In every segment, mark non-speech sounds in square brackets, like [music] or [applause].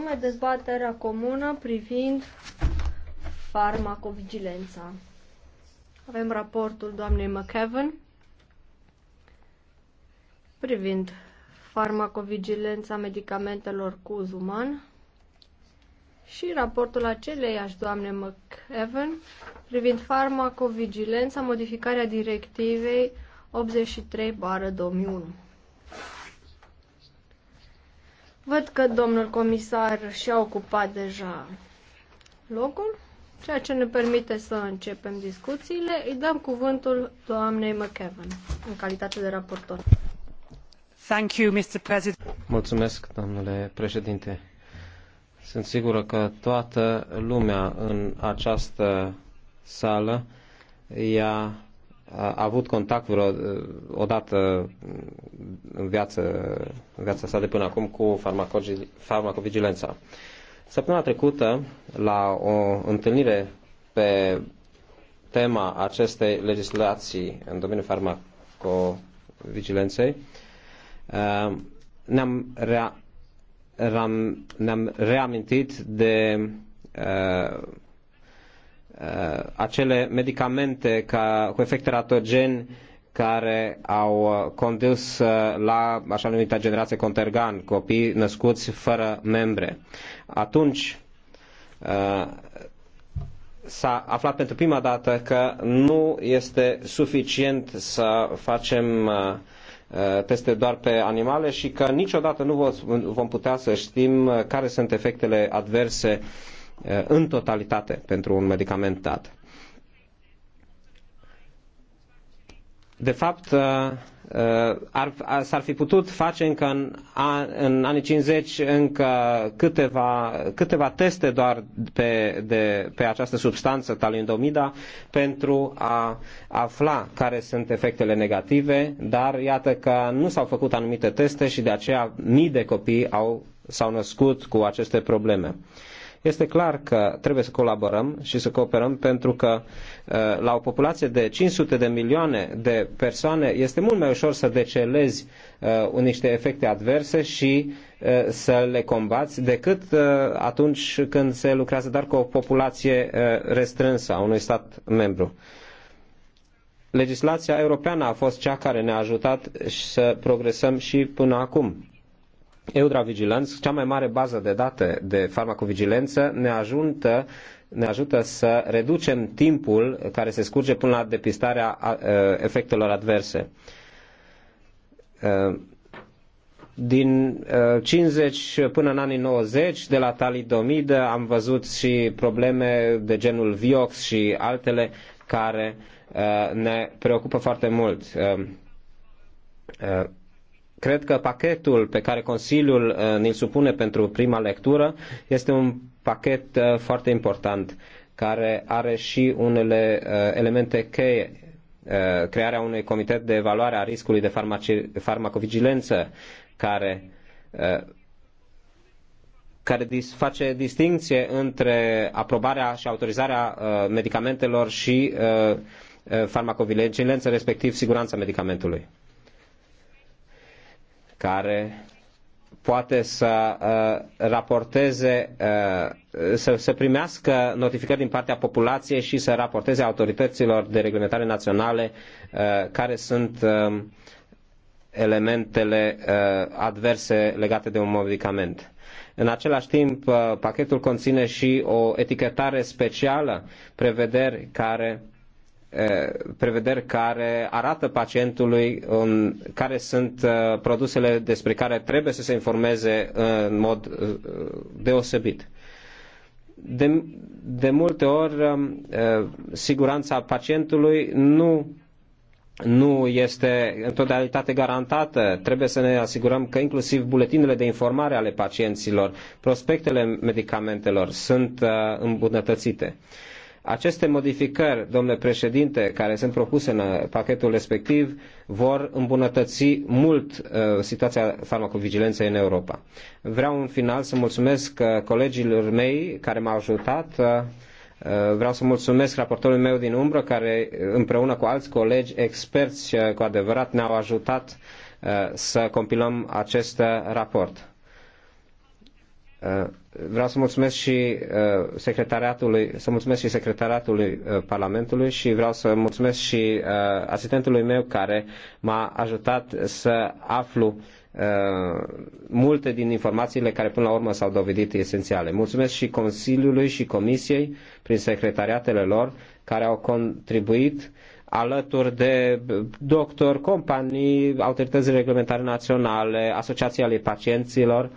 anume dezbaterea comună privind farmacovigilența. Avem raportul doamnei McKevin privind farmacovigilența medicamentelor cu uz uman și raportul aceleiași doamne McEvan privind farmacovigilența modificarea directivei 83-2001. Văd că domnul comisar și-a ocupat deja locul, ceea ce ne permite să începem discuțiile. Îi dăm cuvântul doamnei McEvan, în calitate de raportor. Thank you, Mr. President. Mulțumesc, domnule președinte. Sunt sigură că toată lumea în această sală i-a a avut contact vreo o dată în viață, în viața sa de până acum cu farmacovigilența. Săptămâna trecută, la o întâlnire pe tema acestei legislații în domeniul farmacovigilenței, ne-am, rea, ne-am reamintit de Uh, acele medicamente ca, cu efecte teratogen care au uh, condus uh, la așa numită generație Contergan, copii născuți fără membre. Atunci s-a aflat pentru prima dată că nu este suficient să facem teste doar pe animale și că niciodată nu vom putea să știm care sunt efectele adverse uh, Uh, în totalitate pentru un medicament dat. De fapt, uh, uh, ar, s-ar fi putut face încă în, în anii 50 încă câteva, câteva teste doar pe, de, pe această substanță, talindomida, pentru a afla care sunt efectele negative, dar iată că nu s-au făcut anumite teste și de aceea mii de copii au, s-au născut cu aceste probleme. Uh, este clar că trebuie să colaborăm și să cooperăm pentru că uh, la o populație de 500 de milioane de persoane este mult mai ușor să decelezi uh, niște efecte adverse și uh, să le combați decât atunci când se lucrează doar cu o populație restrânsă a unui stat membru legislația europeană a fost cea care ne-a ajutat să progresăm și până acum. Eudravigilanță, cea mai mare bază de date de farmacovigilență, ne ajută, ne ajută să reducem timpul care se scurge până la depistarea efectelor adverse. Din 50 până în anii 90, de la talidomidă, am văzut și probleme de genul Viox și altele care ne preocupă foarte mult Cred că pachetul pe care Consiliul uh, ne l supune pentru prima lectură este un pachet uh, foarte important, care are și unele uh, elemente cheie crearea unui comitet de evaluare a riscului de farmaci- farmacovigilență care, care dis- face distinție între aprobarea și autorizarea medicamentelor și farmacovigilență, respectiv siguranța medicamentului care poate să uh, raporteze, uh, să, să primească notificări din partea populației și să raporteze autorităților de reglementare naționale uh, care sunt um, elementele adverse legate de un medicament. În același timp, pachetul conține și o etichetare specială, prevederi care Eh, prevederi care arată pacientului în care sunt eh, produsele despre care trebuie să se informeze eh, în mod deosebit. De, de multe ori, siguranța pacientului nu, nu este în totalitate garantată. Trebuie să ne asigurăm că inclusiv buletinele de informare ale pacienților, prospectele medicamentelor sunt îmbunătățite. Aceste modificări, domnule președinte, care sunt propuse în pachetul respectiv, vor îmbunătăți mult uh, situația farmacovigilenței în Europa. Vreau în final să mulțumesc uh, colegilor mei care m-au ajutat. Uh, uh Vreau să mulțumesc raportorului meu din umbră, care uh, împreună cu alți colegi experți uh, cu adevărat ne-au ajutat să compilăm acest raport Vreau să mulțumesc și uh, secretariatului, să mulțumesc și secretariatului uh, Parlamentului și vreau să mulțumesc și uh, asistentului meu care m-a ajutat să aflu multe din informațiile care până la urmă s-au dovedit esențiale. Mulțumesc și Consiliului și Comisiei prin secretariatele lor care au contribuit alături de doctori, companii, autorități reglementare naționale, asociații ale pacienților, uh,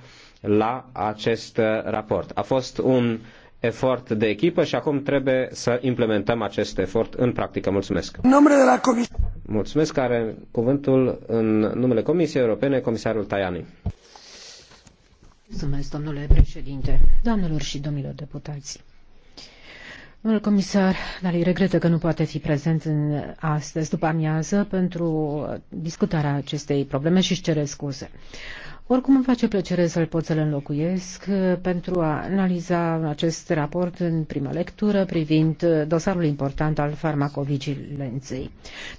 la acest uh, raport. A fost un efort de echipă și acum trebuie să implementăm acest efort în practică. Mulțumesc. Numele de la comisie. Mulțumesc. Are cuvântul în numele Comisiei Europene, comisarul Tajani. Mulțumesc, domnule președinte, doamnelor și domnilor deputați. Domnul comisar dar îi regretă că nu poate fi prezent în astăzi după amiază pentru discutarea acestei probleme și își cere scuze. Oricum îmi face plăcere să-l pot să-l înlocuiesc uh, pentru a analiza acest raport în prima lectură privind uh, dosarul important al farmacovigilenței.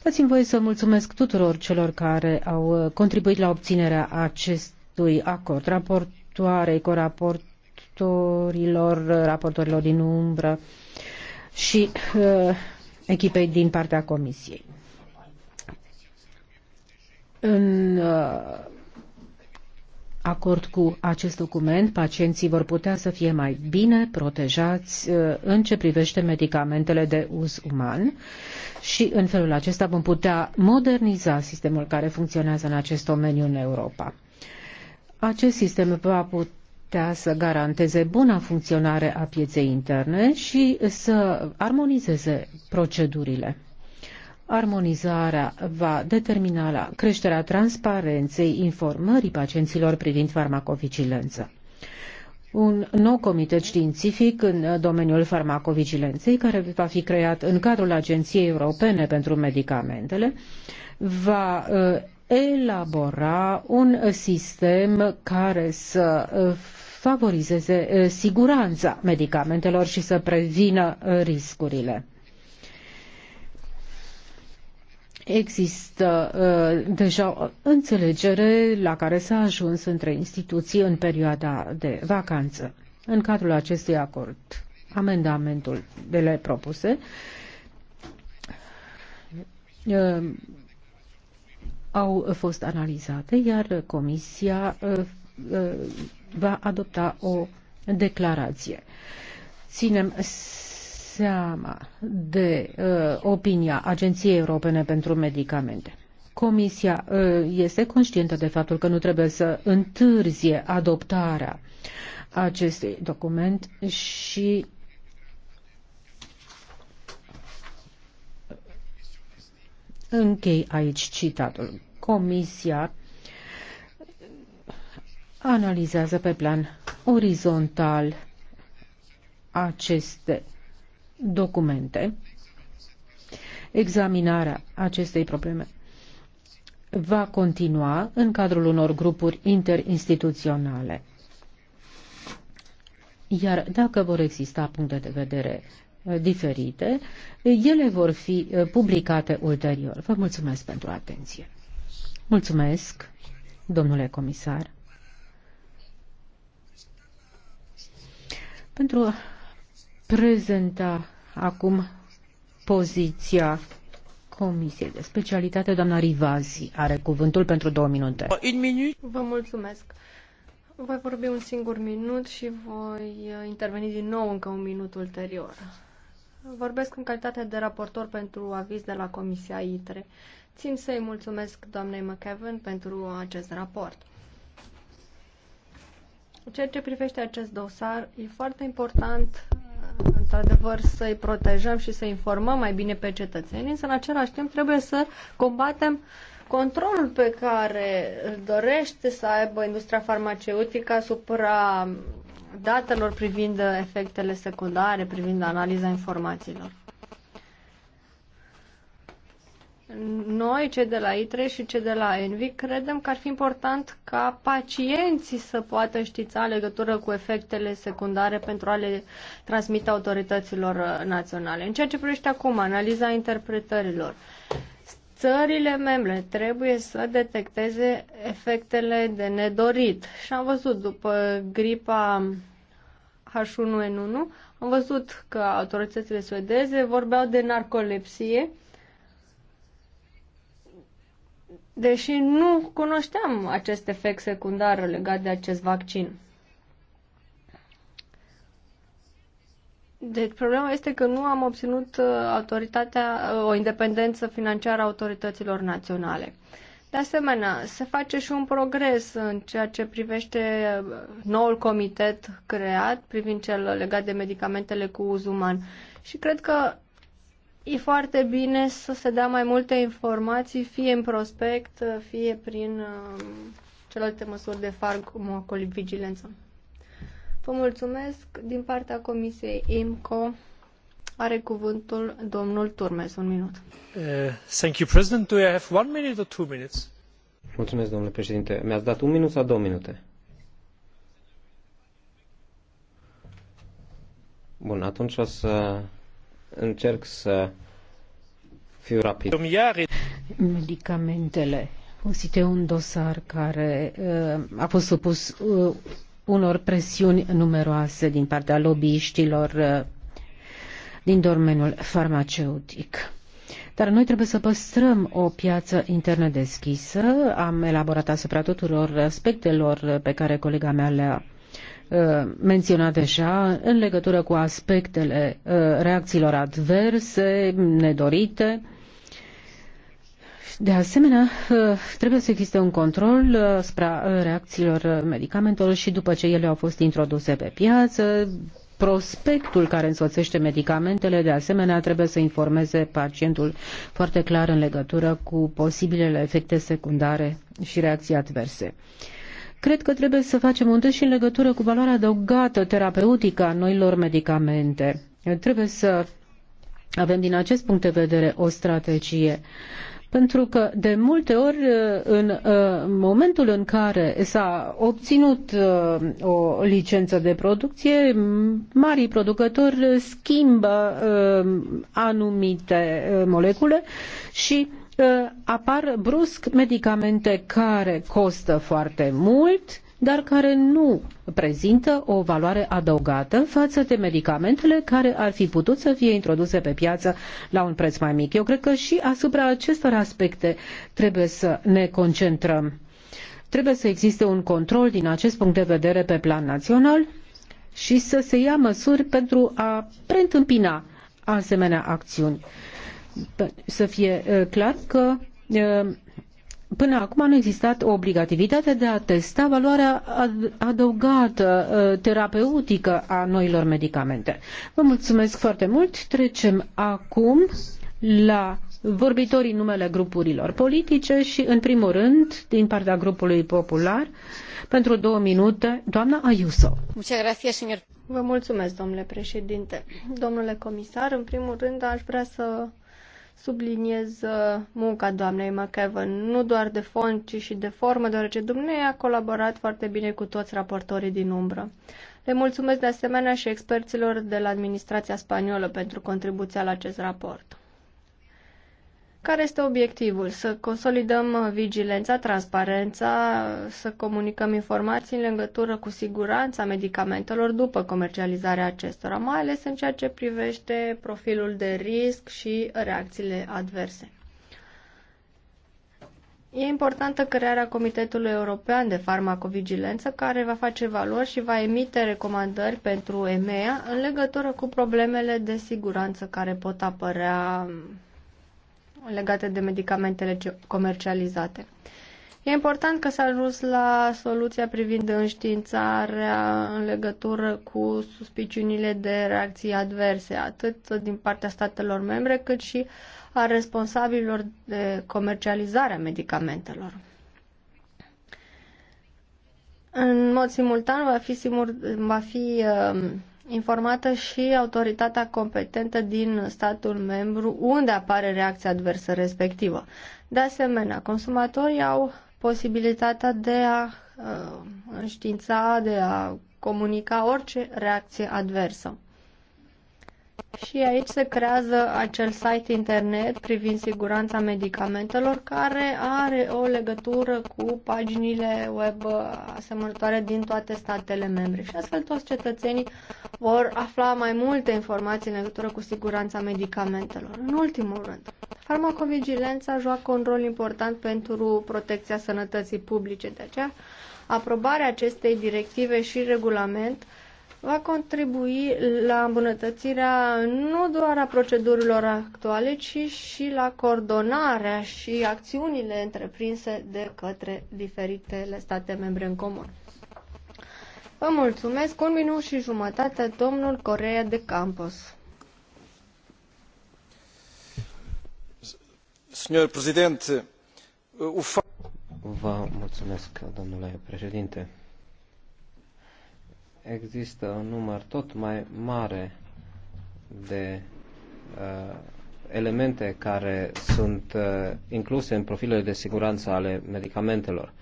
Dați-mi voie să mulțumesc tuturor celor care au uh, contribuit la obținerea acestui acord, raportoarei, coraportorilor, raportorilor din umbră și uh, echipei din partea Comisiei. În uh, acord cu acest document, pacienții vor putea să fie mai bine protejați uh, în ce privește medicamentele de uz uman și în felul acesta vom putea moderniza sistemul care funcționează în acest domeniu în Europa. Acest sistem va putea să garanteze buna funcționare a pieței interne și să armonizeze procedurile. Armonizarea va determina la creșterea transparenței informării pacienților privind farmacovigilență. un nou comitet științific în domeniul farmacovigilenței, care va fi creat în cadrul Agenției Europene pentru Medicamentele, va uh, elabora un sistem care să uh, favorizeze uh, siguranța medicamentelor și să prevină riscurile. Există uh, deja o înțelegere la care s-a ajuns între instituții în perioada de vacanță. În cadrul acestui acord, amendamentul de le propuse uh, au fost analizate, iar Comisia uh, uh, va adopta o declarație. Ținem seama de uh, opinia Agenției Europene pentru Medicamente. Comisia uh, este conștientă de faptul că nu trebuie să întârzie adoptarea acestui document și închei aici citatul. Comisia analizează pe plan orizontal aceste documente, examinarea acestei probleme va continua în cadrul unor grupuri interinstituționale. Iar dacă vor exista puncte de vedere uh, diferite, ele vor fi uh, publicate ulterior. Vă mulțumesc pentru atenție. Mulțumesc, domnule comisar, pentru prezenta acum poziția Comisiei de Specialitate. Doamna Rivazi are cuvântul pentru două minute. Un minut. Vă mulțumesc. Voi vorbi un singur minut și voi interveni din nou încă un minut ulterior. Vorbesc în calitate de raportor pentru aviz de la Comisia ITRE. Țin să-i mulțumesc doamnei McEvan pentru acest raport. În ceea ce privește acest dosar, e foarte important într-adevăr, să-i protejăm și să informăm mai bine pe cetățeni, însă, în același timp, trebuie să combatem controlul pe care îl dorește să aibă industria farmaceutică asupra datelor privind efectele secundare, privind analiza informațiilor. noi, cei de la ITRE și cei de la ENVI, credem că ar fi important ca pacienții să poată știța legătură cu efectele secundare pentru a le transmite autorităților uh, naționale. În ceea ce privește acum analiza interpretărilor, țările membre trebuie să detecteze efectele de nedorit. Și am văzut după gripa H1N1, am văzut că autoritățile suedeze vorbeau de narcolepsie, deși nu cunoșteam acest efect secundar legat de acest vaccin. Deci problema este că nu am obținut uh, autoritatea, uh, o independență financiară a autorităților naționale. De asemenea, se face și un progres în ceea ce privește uh, noul comitet creat privind cel legat de medicamentele cu uz uman. Și cred că e foarte bine să se dea mai multe informații, fie în prospect, fie prin uh, celelalte măsuri de farmacolivigilență. vigilență. Vă mulțumesc. Din partea Comisiei IMCO are cuvântul domnul Turmes. Un minut. Uh, thank you, President. Do I have one minute or two minutes? Mulțumesc, domnule președinte. Mi-ați dat un minut sau două minute? Bun, atunci o să încerc să fiu rapid. Medicamentele. Este un dosar care uh, a fost supus uh, unor presiuni numeroase din partea lobbyiștilor uh, din domeniul farmaceutic. Dar noi trebuie să păstrăm o piață internă deschisă. Am elaborat asupra tuturor aspectelor pe care colega mea le-a Uh, menționat deja în legătură cu aspectele uh, reacțiilor adverse, nedorite. De asemenea, uh, trebuie să existe un control asupra reacțiilor medicamentelor și după ce ele au fost introduse pe piață, prospectul care însoțește medicamentele, de asemenea, trebuie să informeze pacientul foarte clar în legătură cu posibilele efecte secundare și reacții adverse. Cred că trebuie să facem un test și în legătură cu valoarea adăugată terapeutică a noilor medicamente. Trebuie să avem din acest punct de vedere o strategie pentru că de multe ori în uh, momentul în care s-a obținut uh, o licență de producție, marii producători schimbă uh, anumite molecule și apar brusc medicamente care costă foarte mult, dar care nu prezintă o valoare adăugată față de medicamentele care ar fi putut să fie introduse pe piață la un preț mai mic. Eu cred că și asupra acestor aspecte trebuie să ne concentrăm. Trebuie să existe un control din acest punct de vedere pe plan național și să se ia măsuri pentru a preîntâmpina asemenea acțiuni să fie uh, clar că uh, Până acum nu a existat o obligativitate de a testa valoarea adăugată uh, terapeutică a noilor medicamente. Vă mulțumesc foarte mult. Trecem acum la vorbitorii numele grupurilor politice și, în primul rând, din partea grupului popular, pentru două minute, doamna Ayuso. Vă mulțumesc, domnule președinte. Domnule comisar, în primul rând aș vrea să subliniez uh, munca doamnei McEvan, nu doar de fond, ci și de formă, deoarece Dumnezeu a colaborat foarte bine cu toți raportorii din umbră. Le mulțumesc de asemenea și experților de la administrația spaniolă pentru contribuția la acest raport. Care este obiectivul? Să consolidăm vigilența, transparența, să comunicăm informații în legătură cu siguranța medicamentelor după comercializarea acestora, mai ales în ceea ce privește profilul de risc și reacțiile adverse. E importantă crearea Comitetului European de Farmacovigilență, care va face valori și va emite recomandări pentru EMEA în legătură cu problemele de siguranță care pot apărea legate de medicamentele comercializate. E important că s-a ajuns la soluția privind înștiințarea în legătură cu suspiciunile de reacții adverse, atât din partea statelor membre, cât și a responsabililor de comercializare a medicamentelor. În mod simultan va fi, simur, va fi uh, informată și autoritatea competentă din statul membru unde apare reacția adversă respectivă. De asemenea, consumatorii au posibilitatea de a uh, înștiința, de a comunica orice reacție adversă. Și aici se creează acel site internet privind siguranța medicamentelor care are o legătură cu paginile web asemănătoare din toate statele membre. Și astfel toți cetățenii vor afla mai multe informații în legătură cu siguranța medicamentelor. În ultimul rând, farmacovigilența joacă un rol important pentru protecția sănătății publice. De aceea, aprobarea acestei directive și regulament uh, va contribui la îmbunătățirea nu doar a procedurilor actuale, ci și la coordonarea și acțiunile întreprinse de către diferitele state membre în comun. Vă mulțumesc. Un minut și jumătate, domnul Corea de Campos. Signor președinte, Vă mulțumesc, domnule președinte există un număr tot mai mare de uh, elemente care sunt uh, incluse în profilele de siguranță ale medicamentelor.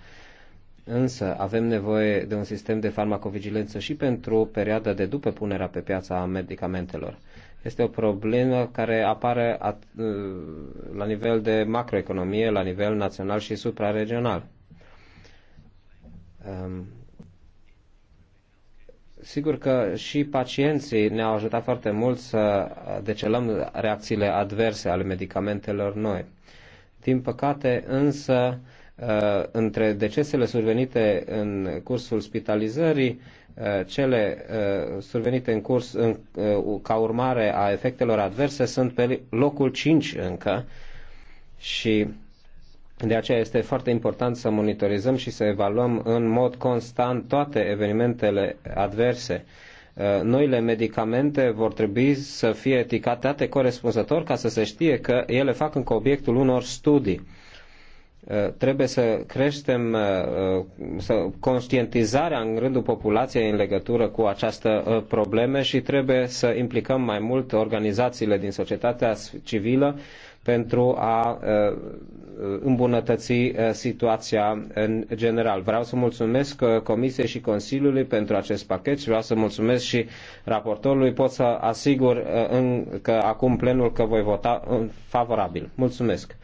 Însă avem nevoie de un sistem de farmacovigilență și pentru perioada de după punerea pe piața a medicamentelor. Este o problemă care apare at, uh, la nivel de macroeconomie, la nivel național și supraregional. Um, Sigur că și pacienții ne-au ajutat foarte mult să decelăm reacțiile adverse ale medicamentelor noi. Din păcate, însă, uh, între decesele survenite în cursul spitalizării, uh, cele uh, survenite în curs în, ca urmare a efectelor adverse sunt pe locul 5 încă și de aceea este foarte important să monitorizăm și să evaluăm în mod constant toate evenimentele adverse. Uh, noile medicamente vor trebui să fie eticatate corespunzător ca să se știe că ele fac încă obiectul unor studii. Uh, trebuie să creștem uh, să conștientizarea în rândul populației în legătură cu această probleme și trebuie să implicăm mai mult organizațiile din societatea civilă pentru a îmbunătăți situația în general. Vreau să mulțumesc Comisiei și Consiliului pentru acest pachet și vreau să mulțumesc și raportorului. Pot să asigur că acum plenul că voi vota favorabil. Mulțumesc.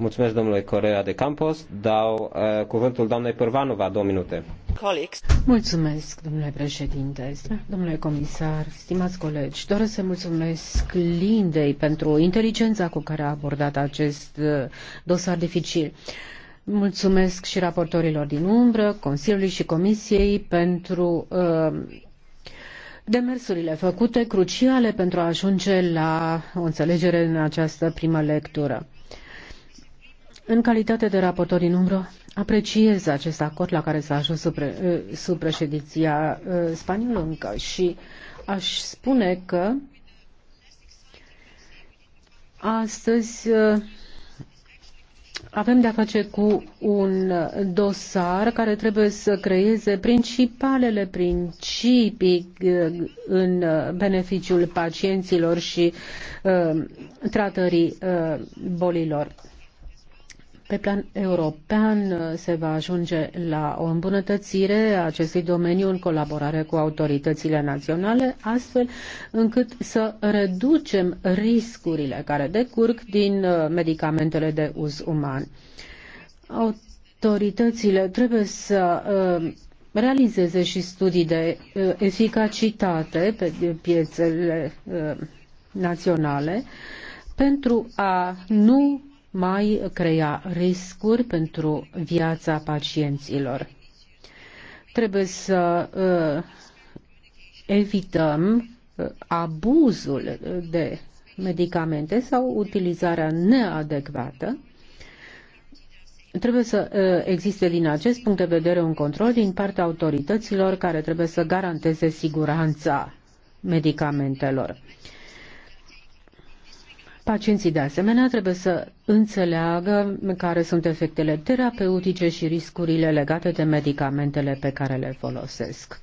Mulțumesc domnului Corea de Campos. Dau uh, cuvântul doamnei Pârvanova, două minute. Colegi. Mulțumesc, domnule președinte, domnule comisar, stimați colegi. Doresc să mulțumesc Lindei pentru inteligența cu care a abordat acest uh, dosar dificil. Mulțumesc și raportorilor din umbră, Consiliului și Comisiei pentru uh, demersurile făcute cruciale pentru a ajunge la o înțelegere în această primă lectură. Uh, în calitate de raportor din umbră, apreciez acest acord la care s-a ajuns sub, eh, sub președinția eh, spaniolă încă și aș spune că astăzi eh, avem de-a face cu un dosar care trebuie să creeze principalele principii în beneficiul pacienților și uh, tratării uh, bolilor. Pe plan european uh, se va ajunge la o îmbunătățire a acestui domeniu în colaborare cu autoritățile naționale, astfel încât să reducem riscurile care decurg din uh, medicamentele de uz uman. Autoritățile trebuie să uh, realizeze și studii de eficacitate pe piețele naționale pentru a nu mai crea riscuri pentru viața pacienților. Trebuie să uh, evităm uh, abuzul de medicamente sau utilizarea neadecvată. Trebuie să uh, existe din acest punct de vedere un control din partea autorităților care trebuie să garanteze siguranța medicamentelor. Pacienții de asemenea trebuie să înțeleagă care sunt efectele terapeutice și riscurile legate de medicamentele pe care le folosesc.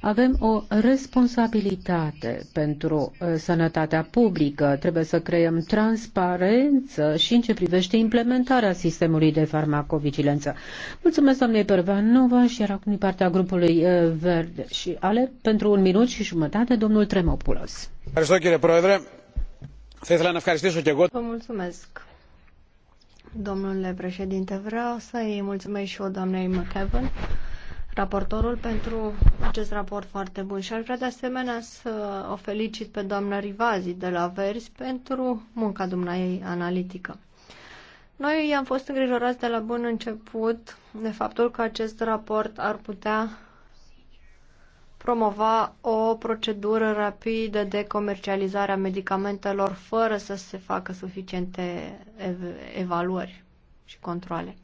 Avem o responsabilitate pentru uh, sănătatea publică. Trebuie să creăm transparență și în ce privește implementarea sistemului de farmacovigilență. Mulțumesc, doamnei Pervanova și era acum partea grupului uh, Verde și Ale pentru un minut și jumătate, domnul Tremopulos. Mulțumesc, Vă mulțumesc. Domnule președinte, vreau să-i mulțumesc și eu doamnei McEvan, raportorul, pentru acest raport foarte bun și aș vrea de asemenea să o felicit pe doamna Rivazi de la Vers pentru munca dumneai analitică. Noi am fost îngrijorați de la bun început de faptul că acest raport ar putea promova o procedură rapidă de comercializare a medicamentelor fără să se facă suficiente evaluări și controle.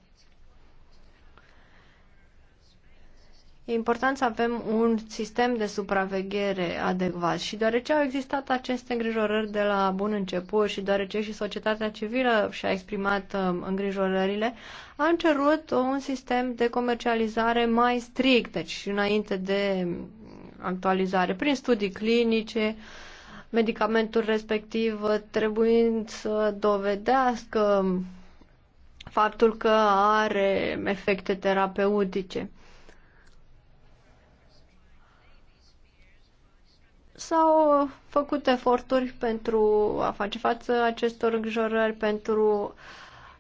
E important să avem un sistem de supraveghere adecvat și deoarece au existat aceste îngrijorări de la bun început și deoarece și societatea civilă și-a exprimat um, îngrijorările, a cerut un sistem de comercializare mai strict, deci înainte de actualizare prin studii clinice, medicamentul respectiv trebuind să dovedească faptul că are efecte terapeutice. S-au făcut eforturi pentru a face față acestor îngrijorări, pentru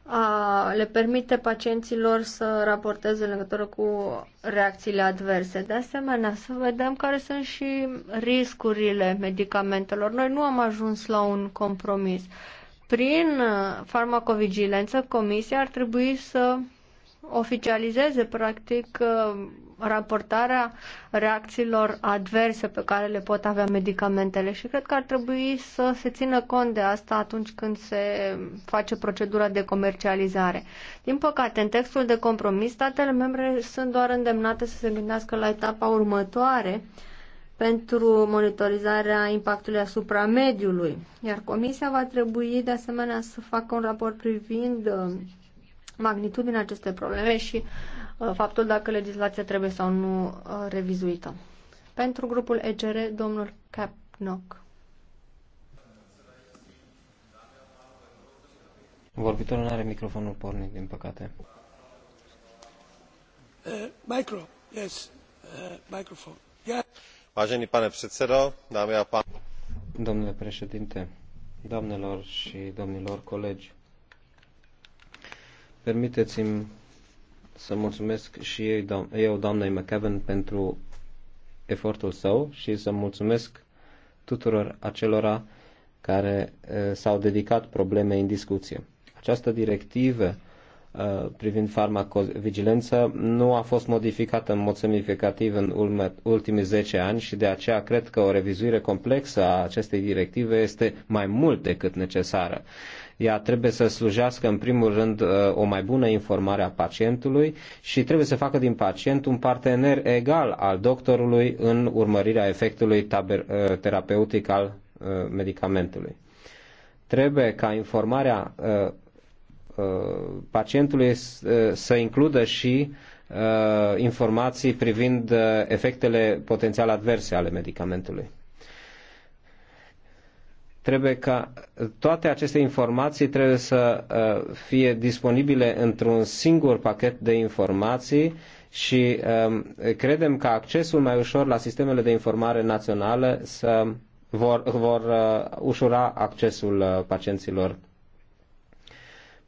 a, le permite pacienților să raporteze legătură cu reacțiile adverse. De asemenea, să vedem care sunt și riscurile medicamentelor. Noi nu am ajuns la un compromis. Prin uh, farmacovigilență, comisia ar trebui să oficializeze, practic, uh, raportarea reacțiilor adverse pe care le pot avea medicamentele și cred că ar trebui să se țină cont de asta atunci când se face procedura de comercializare. Din păcate, în textul de compromis, statele membre sunt doar îndemnate să se gândească la etapa următoare pentru monitorizarea impactului asupra mediului, iar Comisia va trebui de asemenea să facă un raport privind uh, magnitudinea acestei probleme și uh, Uh, faptul dacă legislația trebuie sau nu uh, revizuită. Pentru grupul EGR, domnul Capnock. Vorbitorul nu are microfonul pornit, din păcate. Uh, micro, yes, microphone, Vážený pane předsedo, dámy a pánové. Domnule președinte, doamnelor și domnilor colegi, permiteți-mi să mulțumesc și eu, eu doamnei McEwen, pentru efortul său și să mulțumesc tuturor acelora care s-au dedicat problemei în discuție. Această directivă privind farmacovigilență nu a fost modificată în mod semnificativ în ultimii 10 ani și de aceea cred că o revizuire complexă a acestei directive este mai mult decât necesară. Ea trebuie să slujească în primul rând uh, o mai bună informare a pacientului și trebuie să facă din pacient un partener egal al doctorului în urmărirea efectului uh, terapeutic al uh, medicamentului. Trebuie ca informarea pacientului să includă și informații privind efectele potențial adverse ale medicamentului. Trebuie ca toate aceste informații trebuie să uh, fie disponibile într-un singur pachet de informații și um, credem că accesul mai ușor la sistemele de informare naționale să vor, vor uh, ușura accesul uh, pacienților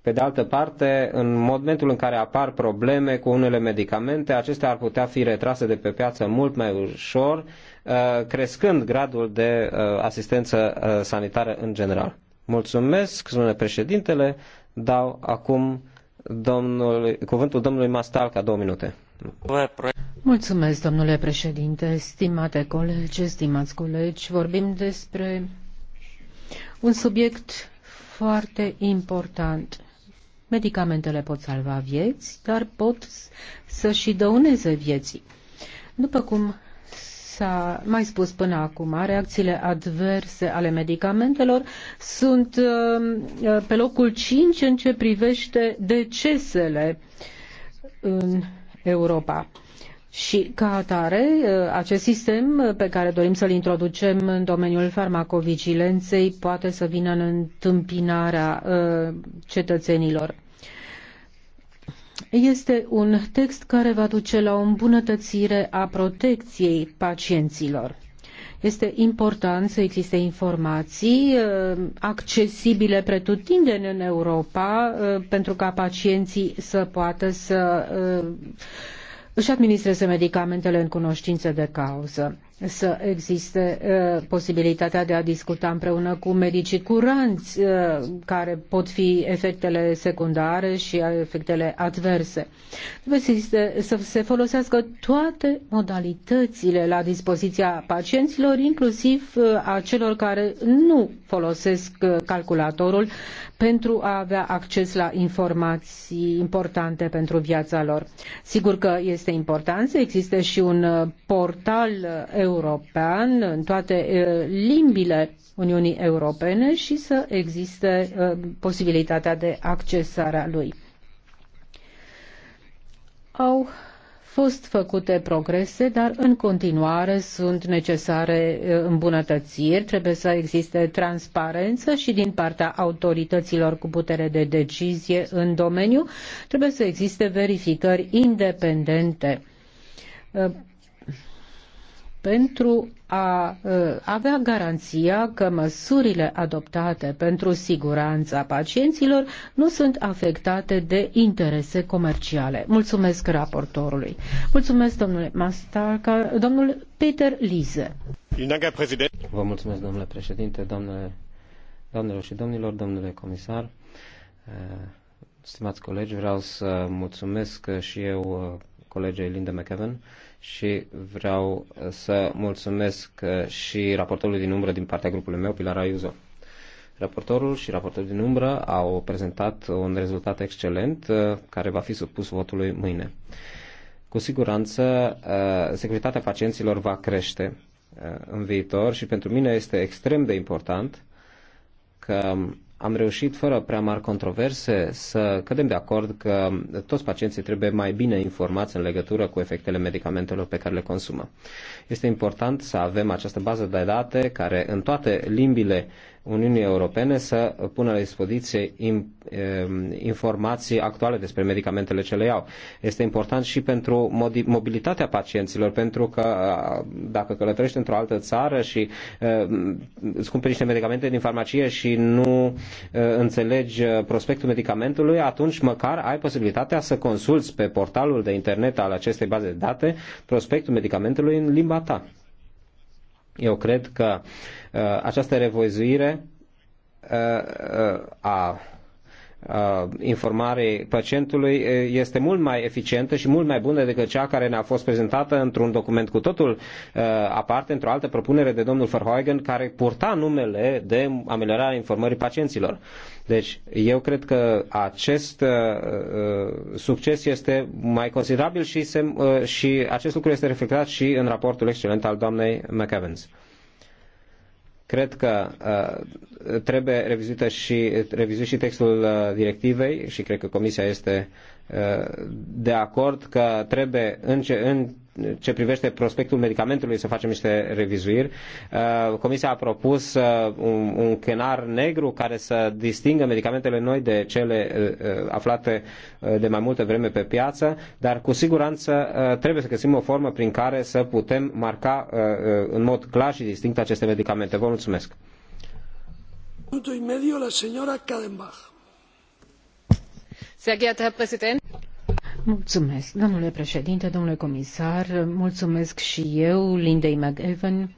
pe de altă parte, în momentul în care apar probleme cu unele medicamente, acestea ar putea fi retrase de pe piață mult mai ușor Uh, crescând gradul de uh, asistență uh, sanitară în general. Mulțumesc, domnule președintele. Dau acum domnului, cuvântul domnului Mastalca, două minute. Mulțumesc, domnule președinte, stimate colegi, stimați colegi. Vorbim despre un subiect foarte important. Medicamentele pot salva vieți, dar pot să și dăuneze vieții. După cum s-a mai spus până acum, reacțiile adverse ale medicamentelor sunt uh, uh, pe locul 5 în ce privește decesele în Europa. Și ca atare, uh, acest sistem pe care dorim să-l introducem în domeniul farmacovigilenței poate să vină în întâmpinarea cetățenilor. Este un text care va duce la o îmbunătățire a protecției pacienților. Este important să existe informații uh, accesibile pretutindeni în Europa uh, pentru ca pacienții să poată să uh, își administreze medicamentele în cunoștință de cauză să existe uh, posibilitatea de a discuta împreună cu medicii curanți uh, care pot fi efectele secundare și efectele adverse. Trebuie să, existe, să se folosească toate modalitățile la dispoziția pacienților, inclusiv uh, a celor care nu folosesc uh, calculatorul pentru a avea acces la informații importante pentru viața lor. Sigur că este important să existe și un uh, portal european în toate uh, limbile Uniunii Europene și să existe uh, posibilitatea de accesarea lui. Au fost făcute progrese, dar în continuare sunt necesare îmbunătățiri, trebuie să existe transparență și din partea autorităților cu putere de decizie în domeniu, trebuie să existe verificări independente pentru a avea garanția că măsurile adoptate pentru siguranța pacienților nu sunt afectate de interese comerciale. Mulțumesc raportorului. Mulțumesc, domnule Mastarca, domnul Peter Lise. Vă mulțumesc, domnule președinte, domnule, doamnelor și domnilor, domnule comisar. Stimați colegi, vreau să mulțumesc și eu colegei Linda McEwen și vreau să mulțumesc uh, și raportorului din umbră din partea grupului meu, Pilar Ayuso. Raportorul și raportorul din umbră au prezentat un rezultat excelent uh, care va fi supus votului mâine. Cu siguranță, uh, securitatea pacienților va crește în viitor și pentru mine este extrem de important că am reușit, fără prea mari controverse, să cădem de acord că toți pacienții trebuie mai bine informați în legătură cu efectele medicamentelor pe care le consumă. Este important să avem această bază de date care în toate limbile Uniunii Europene să pună la dispoziție informații actuale despre medicamentele ce le iau. Este important și pentru mobilitatea pacienților, pentru că dacă călătorești într-o altă țară și îți cumperi niște medicamente din farmacie și nu înțelegi prospectul medicamentului, atunci măcar ai posibilitatea să consulți pe portalul de internet al acestei baze de date prospectul medicamentului în limba ta. Eu cred că uh, Uh, această revoizuire uh, uh, a informarei pacientului este mult mai eficientă și mult mai bună decât cea care ne-a fost prezentată într-un document cu totul aparte, într-o altă propunere de domnul Verhoeven, care purta numele de ameliorarea informării pacienților. Deci, eu cred că acest succes este mai considerabil și, se, și acest lucru este reflectat și în raportul excelent al doamnei McEvans. Cred că uh, trebuie revizuită și, revizuit și textul uh, directivei și cred că Comisia este uh, de acord că trebuie ce, în, ce privește prospectul medicamentului să facem niște revizuiri. Uh, Comisia a propus uh, un, un chenar negru care să distingă medicamentele noi de cele uh, aflate de mai multă vreme pe piață, dar cu siguranță trebuie să găsim o formă prin care să putem marca în mod clar și distinct aceste medicamente. Vă mulțumesc. Sehr geehrter Herr Präsident! Mulțumesc, domnule președinte, domnule comisar, mulțumesc și eu, Lindei McEwen,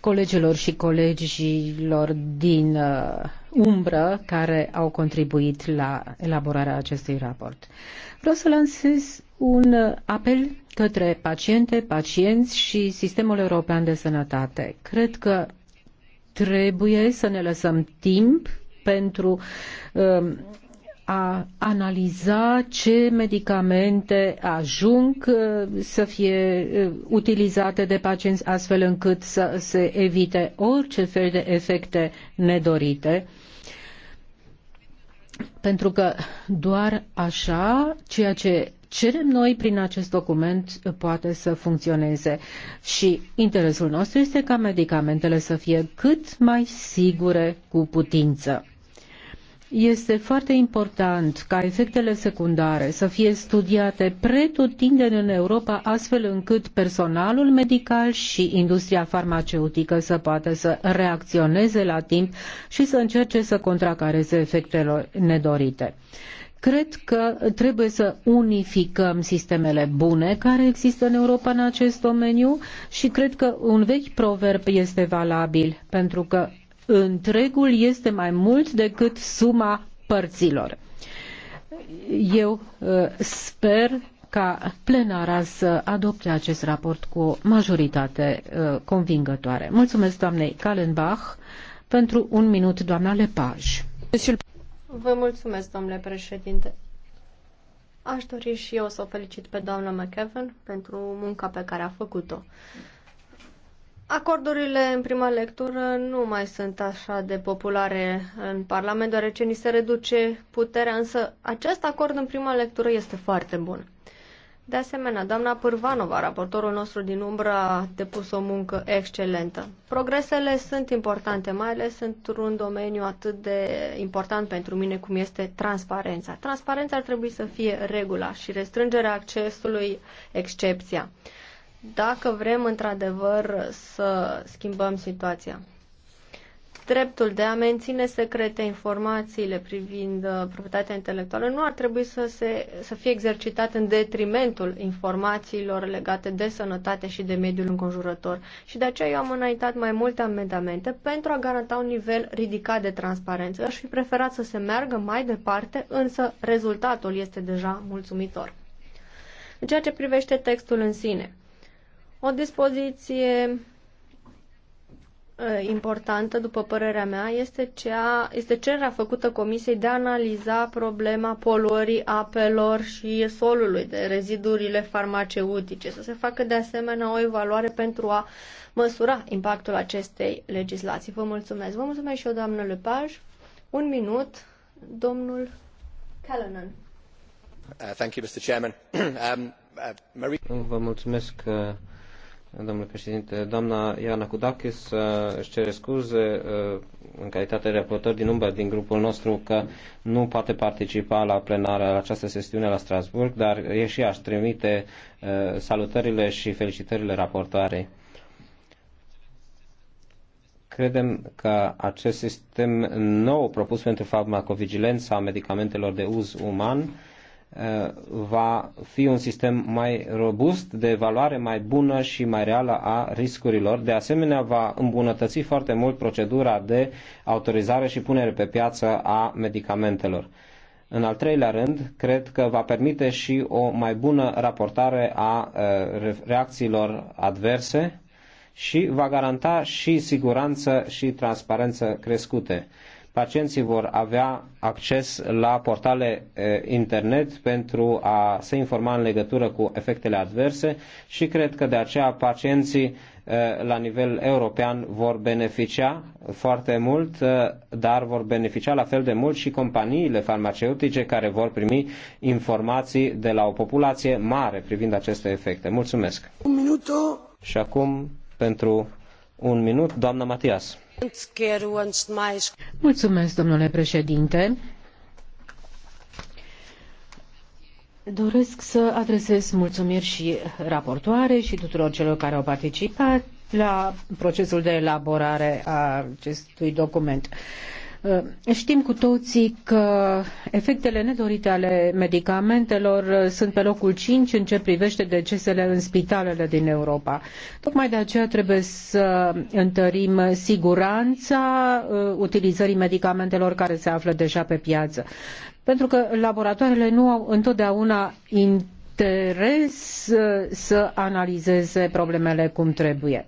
colegilor și colegilor din uh, umbră care au contribuit la elaborarea acestui raport. Vreau să lansez un uh, apel către paciente, pacienți și sistemul european de sănătate. Cred că trebuie să ne lăsăm timp pentru uh, a analiza ce medicamente ajung uh, să fie uh, utilizate de pacienți astfel încât să se evite orice fel de efecte nedorite. Pentru că doar așa ceea ce cerem noi prin acest document uh, poate să funcționeze și interesul nostru este ca medicamentele să fie cât mai sigure cu putință. Este foarte important ca efectele secundare să fie studiate pretutindeni în Europa, astfel încât personalul medical și industria farmaceutică să poată să reacționeze la timp și să încerce să contracareze efectele nedorite. Cred că trebuie să unificăm sistemele bune care există în Europa în acest domeniu și cred că un vechi proverb este valabil, pentru că întregul este mai mult decât suma părților. Eu uh, sper ca plenara să adopte acest raport cu o majoritate uh, convingătoare. Mulțumesc doamnei Kallenbach pentru un minut, doamna Lepaj. Vă mulțumesc, domnule președinte. Aș dori și eu să o felicit pe doamna McEvan pentru munca pe care a făcut-o. Acordurile în prima lectură nu mai sunt așa de populare în Parlament, deoarece ni se reduce puterea, însă acest acord în prima lectură este foarte bun. De asemenea, doamna Pârvanova, raportorul nostru din umbră, a depus o muncă excelentă. Progresele sunt importante, mai ales într-un domeniu atât de important pentru mine cum este transparența. Transparența ar trebui să fie regula și restrângerea accesului excepția dacă vrem într-adevăr să schimbăm situația. Dreptul de a menține secrete informațiile privind uh, proprietatea intelectuală nu ar trebui să, se, să fie exercitat în detrimentul informațiilor legate de sănătate și de mediul înconjurător. Și de aceea eu am înaintat mai multe amendamente pentru a garanta un nivel ridicat de transparență. Aș fi preferat să se meargă mai departe, însă rezultatul este deja mulțumitor. În ceea ce privește textul în sine, o dispoziție importantă, după părerea mea, este, cea, este cererea făcută Comisiei de a analiza problema poluării apelor și solului, de rezidurile farmaceutice, să se facă de asemenea o evaluare pentru a măsura impactul acestei legislații. Vă mulțumesc. Vă mulțumesc și eu, doamnă Lepaj. Un minut, domnul Callanan. Uh, thank you, Mr. Chairman. [clears throat] um, uh, Marie... Vă mulțumesc, uh, Domnule președinte, doamna Iana Kudakis uh, își cere scuze uh, în calitate de raportor din umbră din grupul nostru că nu poate participa la plenară la această sesiune la Strasburg, dar e și aș trimite uh, salutările și felicitările raportoarei. Credem că acest sistem nou propus pentru farmacovigilența medicamentelor de uz uman Uh, va fi un sistem mai robust, de evaluare mai bună și mai reală a riscurilor. De asemenea, va îmbunătăți foarte mult procedura de autorizare și punere pe piață a medicamentelor. În al treilea rând, cred că va permite și o mai bună raportare a uh, reacțiilor adverse și va garanta și siguranță și transparență crescute pacienții vor avea acces la portale eh, internet pentru a se informa în legătură cu efectele adverse și cred că de aceea pacienții eh, la nivel european vor beneficia foarte mult, eh, dar vor beneficia la fel de mult și companiile farmaceutice care vor primi informații de la o populație mare privind aceste efecte. Mulțumesc! Un minut. Și acum, pentru un minut, doamna Matias domnule președinte. Doresc să adresez mulumiri și raportoare și tuturor celor care au participat la procesul de elaborare a acestui document. Uh, știm cu toții că efectele nedorite ale medicamentelor uh, sunt pe locul 5 în ce privește decesele în spitalele din Europa. Tocmai de aceea trebuie să întărim siguranța uh, utilizării medicamentelor care se află deja pe piață. Pentru că laboratoarele nu au întotdeauna interes să analizeze problemele cum trebuie.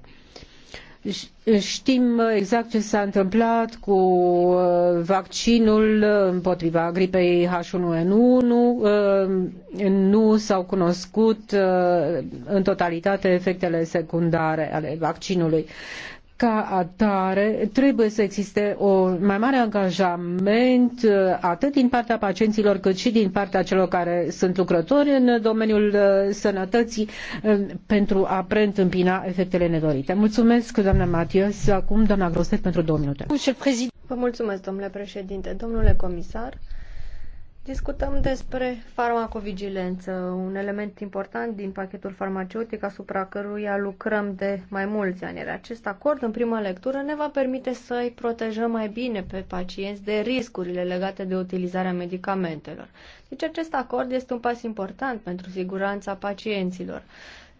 Știm exact ce s-a întâmplat cu uh, vaccinul uh, împotriva gripei H1N1. Uh, nu s-au cunoscut în totalitate efectele secundare ale vaccinului ca atare trebuie să existe o mai mare angajament uh, atât din partea pacienților cât și din partea celor care sunt lucrători în domeniul uh, sănătății uh, pentru a preîntâmpina efectele nedorite. Mulțumesc, doamna Matias. Acum, doamna Grostet, pentru două minute. Vă mulțumesc, domnule președinte, domnule comisar. Discutăm despre farmacovigilență, un element important din pachetul farmaceutic asupra căruia lucrăm de mai mulți ani. Acest acord, în prima lectură, ne va permite să îi protejăm mai bine pe pacienți de riscurile legate de utilizarea medicamentelor. Deci acest acord este un pas important pentru siguranța pacienților,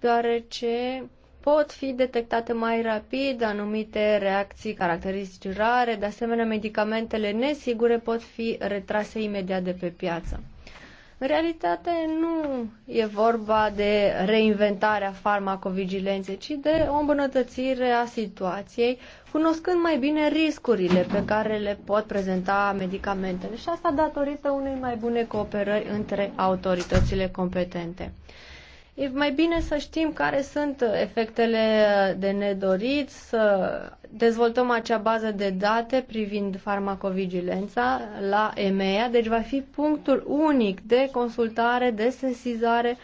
deoarece pot fi detectate mai rapid anumite reacții caracteristici rare, de asemenea medicamentele nesigure pot fi retrase imediat de pe piață. În realitate nu e vorba de reinventarea farmacovigilenței, ci de o îmbunătățire a situației, cunoscând mai bine riscurile pe care le pot prezenta medicamentele și asta datorită unei mai bune cooperări între autoritățile competente. E mai bine să știm care sunt efectele uh, de nedorit, să dezvoltăm acea bază de date privind farmacovigilența la EMEA, deci va fi punctul unic de consultare, de sesizare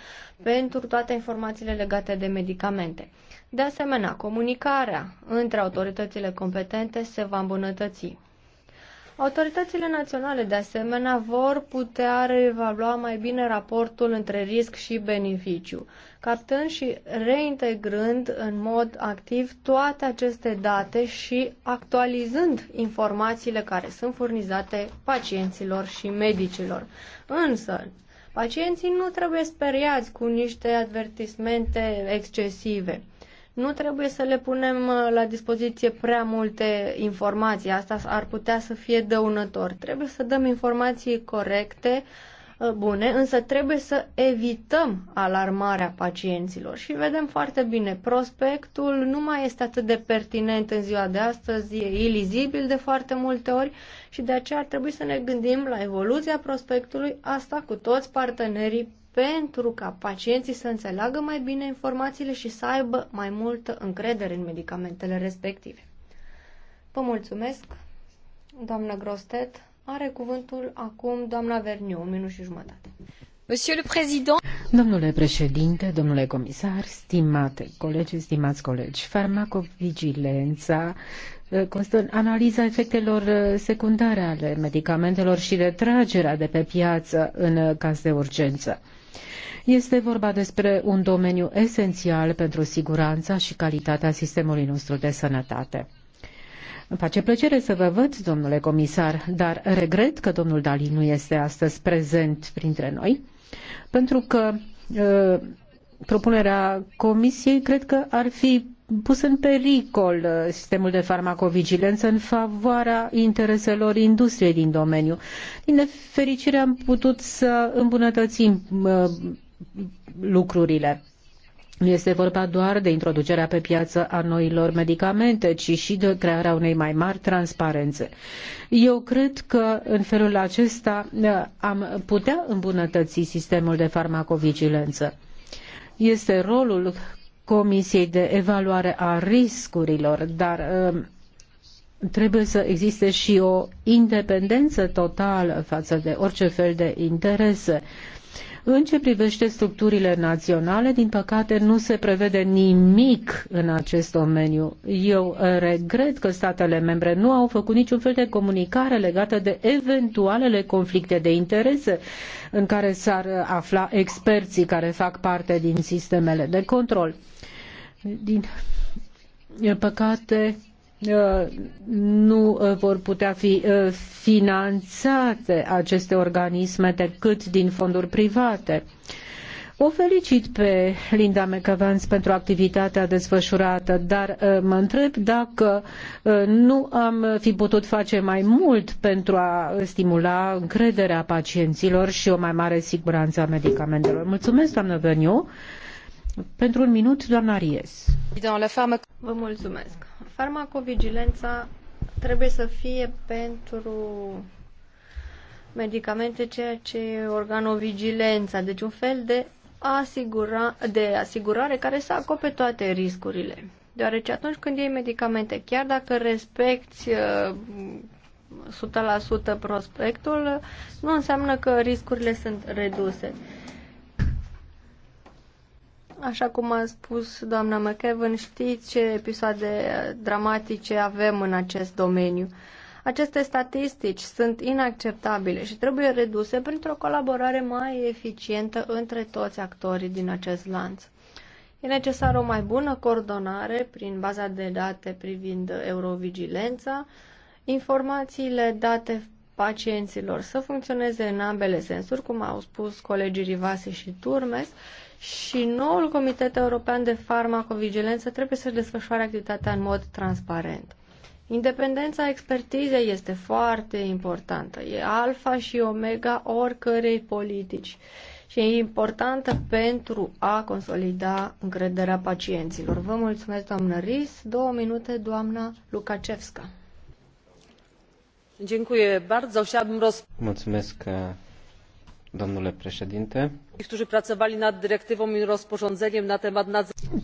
pentru toate informațiile legate de medicamente. De asemenea, comunicarea între autoritățile competente se va îmbunătăți. Autoritățile naționale, de asemenea, vor putea reevalua mai bine raportul între risc și beneficiu, captând și reintegrând în mod activ toate aceste date și actualizând informațiile care sunt furnizate pacienților și medicilor. Însă, pacienții nu trebuie speriați cu niște advertismente excesive nu trebuie să le punem uh, la dispoziție prea multe informații. Asta ar putea să fie dăunător. Trebuie să dăm informații corecte, uh, bune, însă trebuie să evităm alarmarea pacienților. Și vedem foarte bine, prospectul nu mai este atât de pertinent în ziua de astăzi, e ilizibil de foarte multe ori și de aceea ar trebui să ne gândim la evoluția prospectului, asta cu toți partenerii pentru ca pacienții să înțeleagă mai bine informațiile și să aibă mai multă încredere în medicamentele respective. Vă mulțumesc, doamnă Grostet. Are cuvântul acum doamna Verniu, un minut și jumătate. Monsieur le Président. Domnule președinte, domnule comisar, stimate colegi, stimați colegi, farmacovigilența eh, constă în analiza efectelor eh, secundare ale medicamentelor și retragerea de pe piață în eh, caz de urgență. Este vorba despre un domeniu esențial pentru siguranța și calitatea sistemului nostru de sănătate. Îmi face plăcere să vă văd, domnule comisar, dar regret că domnul Dali nu este astăzi prezent printre noi, pentru că uh, propunerea comisiei cred că ar fi pus în pericol ă, sistemul de farmacovigilență în favoarea intereselor industriei din domeniu. Din nefericire am putut să îmbunătățim ă, lucrurile. Nu este vorba doar de introducerea pe piață a noilor medicamente, ci și de crearea unei mai mari transparențe. Eu cred că în felul acesta am putea îmbunătăți sistemul de farmacovigilență. Este rolul Comisiei de Evaluare a Riscurilor, dar um, trebuie să existe și o independență totală față de orice fel de interese în ce privește structurile naționale, din păcate nu se prevede nimic în acest domeniu. Eu regret că statele membre nu au făcut niciun fel de comunicare legată de eventualele conflicte de interese în care s-ar afla experții care fac parte din sistemele de control. Din păcate, nu uh, vor putea fi uh, finanțate aceste organisme decât din fonduri private. O felicit pe Linda McAvans pentru activitatea desfășurată, dar uh, mă întreb dacă nu am fi putut face mai mult pentru a stimula încrederea pacienților și o mai mare siguranță a medicamentelor. Mulțumesc, doamnă Veniu. Pentru un minut, doamna Ries. Vă mulțumesc. Farmacovigilența trebuie să fie pentru medicamente ceea ce e organovigilența, deci un fel de, asigura, de asigurare care să acope toate riscurile. Deoarece atunci când iei medicamente, chiar dacă respecti 100% uh, prospectul, nu înseamnă că riscurile sunt reduse. Așa cum a spus doamna McEvan, știți ce episoade dramatice avem în acest domeniu. Aceste statistici sunt inacceptabile și trebuie reduse printr-o colaborare mai eficientă între toți actorii din acest lanț. E necesară o mai bună coordonare prin baza de date privind eurovigilența, informațiile date pacienților să funcționeze în ambele sensuri, cum au spus colegii Rivase și Turmes, și noul Comitet European de Farmacovigilență trebuie să desfășoare activitatea în mod transparent. Independența expertizei este foarte importantă. E alfa și omega oricărei politici și e importantă pentru a consolida încrederea pacienților. Vă mulțumesc, doamnă Ris. Două minute, doamna Lukacevska. Mulțumesc, Domnule președinte,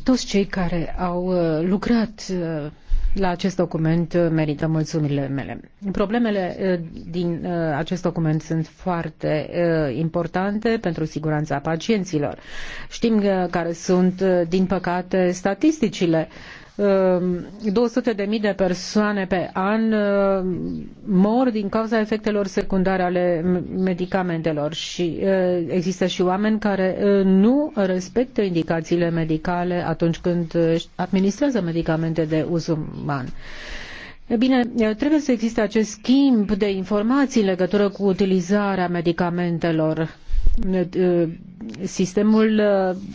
toți cei care au lucrat la acest document merită mulțumirile mele. Problemele din acest document sunt foarte importante pentru siguranța pacienților. Știm care sunt, din păcate, statisticile uh, 200 um, de mii de persoane pe an um, mor din cauza efectelor secundare ale medicamentelor și uh, există și oameni care uh, nu respectă indicațiile medicale atunci când uh, administrează medicamente de uz uman. E bine, trebuie să existe acest schimb de informații în legătură cu utilizarea medicamentelor sistemul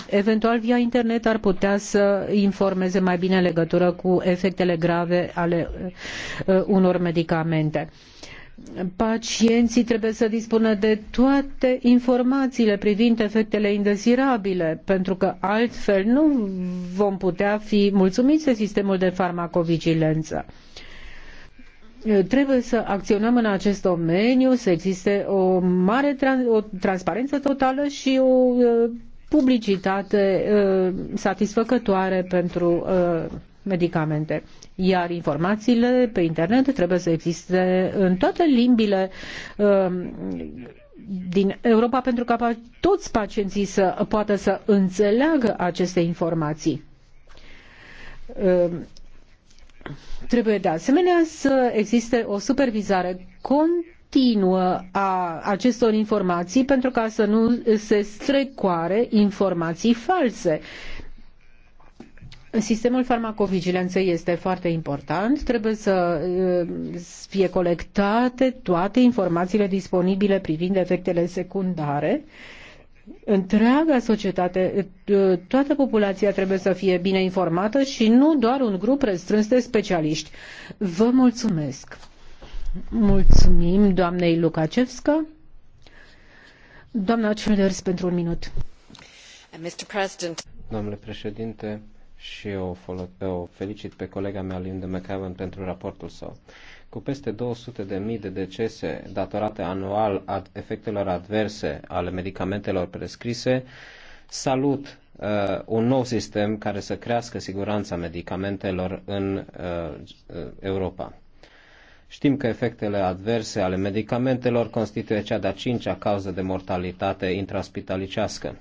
eventual via internet ar putea să informeze mai bine în legătură cu efectele grave ale unor medicamente. Pacienții trebuie să dispună de toate informațiile privind efectele indezirabile, pentru că altfel nu vom putea fi mulțumiți de sistemul de farmacovigilență. Uh, trebuie să acționăm în acest domeniu, să existe o mare trans- o transparență totală și o uh, publicitate uh, satisfăcătoare pentru uh, medicamente. Iar informațiile pe internet trebuie să existe în toate limbile din Europa pentru ca toți pacienții să poată să înțeleagă aceste informații Trebuie de asemenea să existe o supervizare continuă a acestor informații pentru ca să nu se strecoare informații false. Sistemul farmacovigilenței este foarte important. Trebuie să eh, fie colectate toate informațiile disponibile privind efectele secundare uh, întreaga societate, toată populația trebuie să fie bine informată și nu doar un grup restrâns de specialiști. Vă mulțumesc! Mulțumim doamnei Lukacevska. Doamna Childers, pentru un minut. Uh, Mr. President. Domnule președinte, și eu o felicit pe colega mea Linda McAvan pentru raportul său cu peste 200 de mii de decese datorate anual ad efectelor adverse ale medicamentelor prescrise, salut uh, un nou sistem care să crească siguranța medicamentelor în uh, uh Europa. Știm că efectele adverse ale medicamentelor constituie cea de-a cincea cauză de mortalitate intraspitalicească.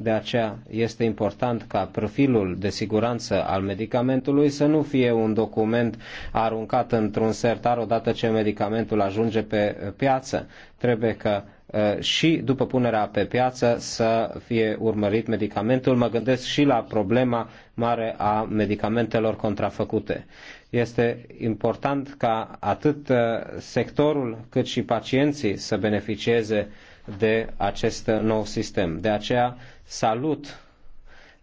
De aceea este important ca profilul de siguranță al medicamentului să nu fie un document aruncat într-un sertar odată ce medicamentul ajunge pe piață. Trebuie că și după punerea pe piață să fie urmărit medicamentul. Mă gândesc și la problema mare a medicamentelor contrafăcute. Este important ca atât sectorul cât și pacienții să beneficieze de acest nou sistem. De aceea salut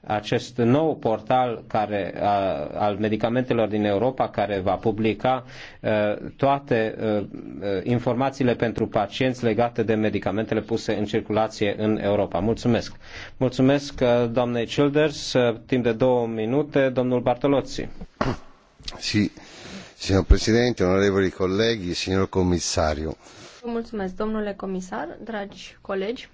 acest nou portal care, a, al medicamentelor din Europa care va publica a, toate a, informațiile pentru pacienți legate de medicamentele puse în circulație în Europa. Mulțumesc! Mulțumesc doamnei Childers. Timp de două minute, domnul Bartolozzi. Si, signor Presidente, onorevoli colleghi, signor Commissario. Mulțumesc, domnule comisar, dragi colegi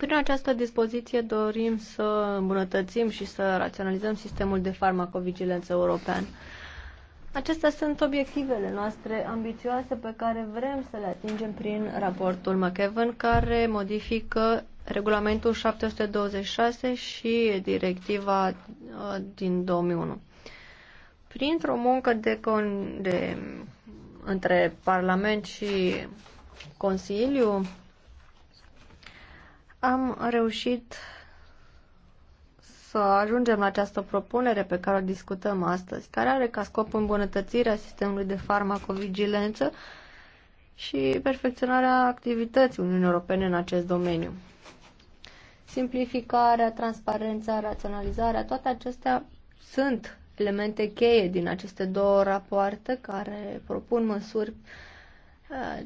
prin această dispoziție dorim să îmbunătățim și să raționalizăm sistemul de farmacovigilență european. Acestea sunt obiectivele noastre ambițioase pe care vrem să le atingem prin raportul McEvan, care modifică regulamentul 726 și directiva uh, din 2001. Printr-o muncă de, con- de între Parlament și Consiliu, am reușit să ajungem la această propunere pe care o discutăm astăzi, care are ca scop îmbunătățirea sistemului de farmacovigilență și perfecționarea activității Uniunii Europene în acest domeniu. Simplificarea, transparența, raționalizarea, toate acestea sunt elemente cheie din aceste două rapoarte care propun măsuri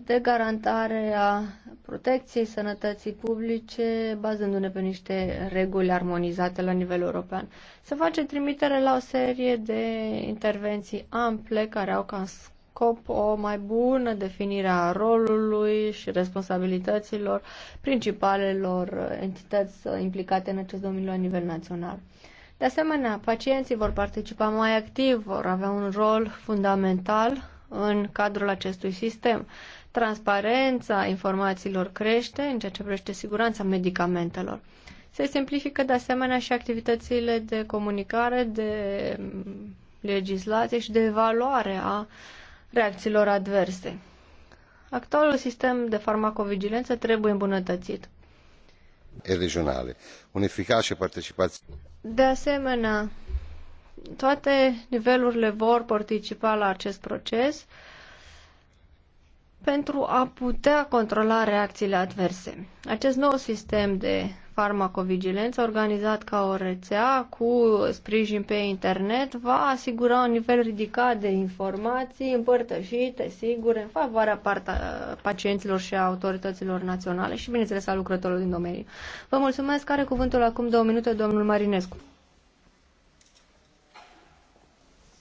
de garantare a protecției sănătății publice, bazându-ne pe niște reguli armonizate la nivel european. Se face trimitere la o serie de intervenții ample care au ca scop o mai bună definire a rolului și responsabilităților principalelor entități implicate în acest domeniu la nivel național. De asemenea, pacienții vor participa mai activ, vor avea un rol fundamental în cadrul acestui sistem. Transparența informațiilor crește în ceea ce privește siguranța medicamentelor. Se simplifică de asemenea și activitățile de comunicare, de legislație și de evaluare a reacțiilor adverse. Actualul sistem de farmacovigilență trebuie îmbunătățit. E regionale. și participație. De asemenea, toate nivelurile vor participa la acest proces pentru a putea controla reacțiile adverse. Acest nou sistem de farmacovigilență, organizat ca o rețea cu sprijin pe internet, va asigura un nivel ridicat de informații împărtășite, sigure, în favoarea pacienților și a autorităților naționale și, bineînțeles, a lucrătorilor din domeniu. Vă mulțumesc. Are cuvântul acum două minute domnul Marinescu.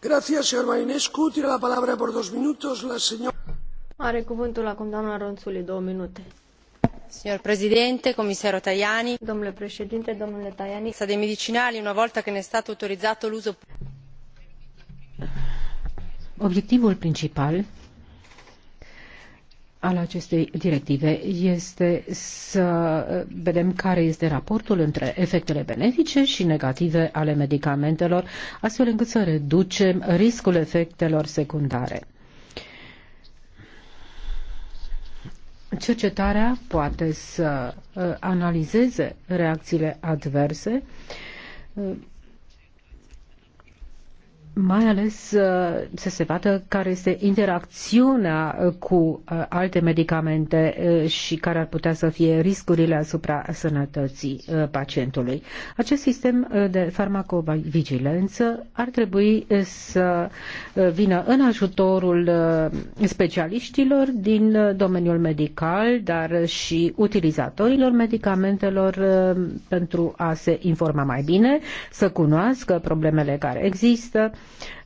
Signor Presidente, Commissario Tajani. Domnule președinte, domnule Tajani. Sa dei medicinali, una volta che ne è stato autorizzato l'uso... Obiectivul principal al acestei directive este să vedem care este raportul între efectele benefice și negative ale medicamentelor, astfel încât să reducem riscul efectelor secundare. Cercetarea poate să uh, analizeze reacțiile adverse uh, mai ales uh, să se vadă care este interacțiunea uh, cu uh, alte medicamente și care ar putea să fie riscurile asupra sănătății pacientului. Acest sistem de farmacovigilență ar trebui să vină în ajutorul specialiștilor din domeniul medical, dar și utilizatorilor medicamentelor pentru a se informa mai bine, să cunoască problemele care există,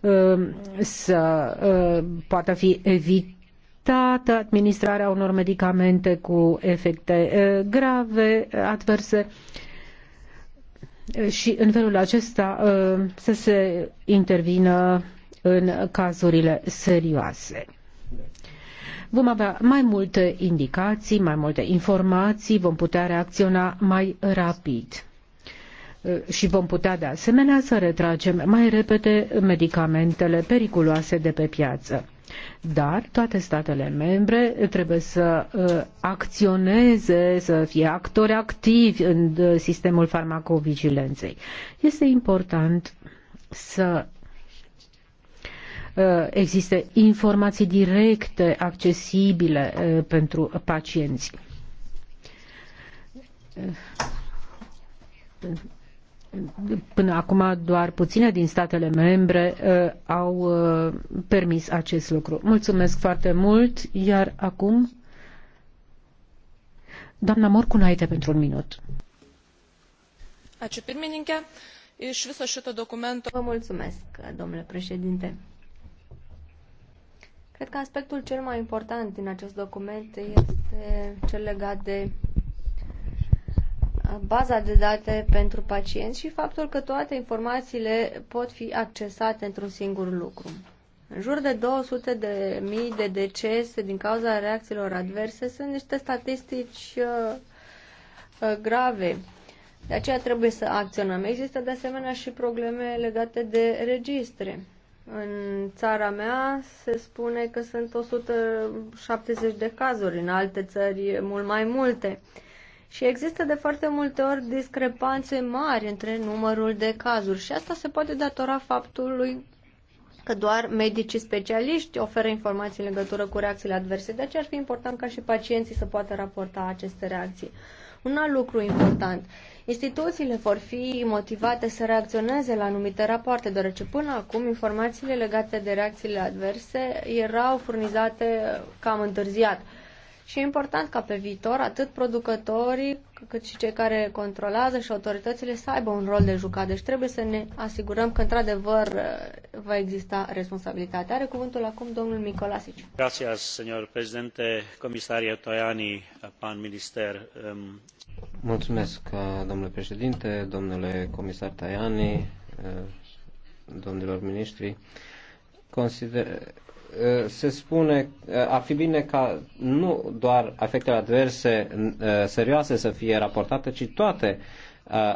Ehm, să ehm, poată fi evitată administrarea unor medicamente cu efecte ehm, grave, adverse și în felul acesta să se intervină în cazurile serioase. Vom avea mai multe indicații, mai multe informații, vom putea reacționa mai rapid. Eh, și vom putea de asemenea să retragem mai repede medicamentele periculoase de pe piață. Dar toate statele membre trebuie să eh, acționeze, să fie actori activi în eh, sistemul farmacovigilenței. Este important să existe informații directe, accesibile pentru pacienți Până acum doar puține din statele membre uh, au uh, permis acest lucru. Mulțumesc foarte mult, iar acum doamna Morcunaite pentru un minut. Ačiū pirmininke, Iš viso šito dokumento. Vă mulțumesc, domnule președinte. Cred că aspectul cel mai important din acest document este cel legat de baza de date pentru pacienți și faptul că toate informațiile pot fi accesate într-un singur lucru. În jur de 200 de mii de decese din cauza reacțiilor adverse sunt niște statistici uh, uh, grave. De aceea trebuie să acționăm. Există de asemenea și probleme legate de registre. În țara mea se spune că sunt 170 de cazuri, în alte țări mult mai multe. Uh, și există de foarte multe ori discrepanțe mari între numărul de cazuri și asta se poate datora faptului că doar medicii specialiști oferă informații în legătură cu reacțiile adverse. De aceea ar fi important ca și pacienții să poată raporta aceste reacții. Un alt lucru important. Instituțiile vor fi motivate să reacționeze la anumite rapoarte, deoarece până acum informațiile legate de reacțiile adverse erau furnizate cam întârziat. Și e important ca pe viitor atât producătorii cât și cei care controlează și autoritățile să aibă un rol de jucat. Deci trebuie să ne asigurăm că într-adevăr va exista responsabilitate. Are cuvântul acum domnul Micolasic. Gracias, señor comisarie Toiani, pan minister. Um, Mulțumesc, uh, domnule președinte, domnule comisar Tajani, uh, domnilor ministri. Consider, se spune ar fi bine ca nu doar efectele adverse serioase să fie raportate, ci toate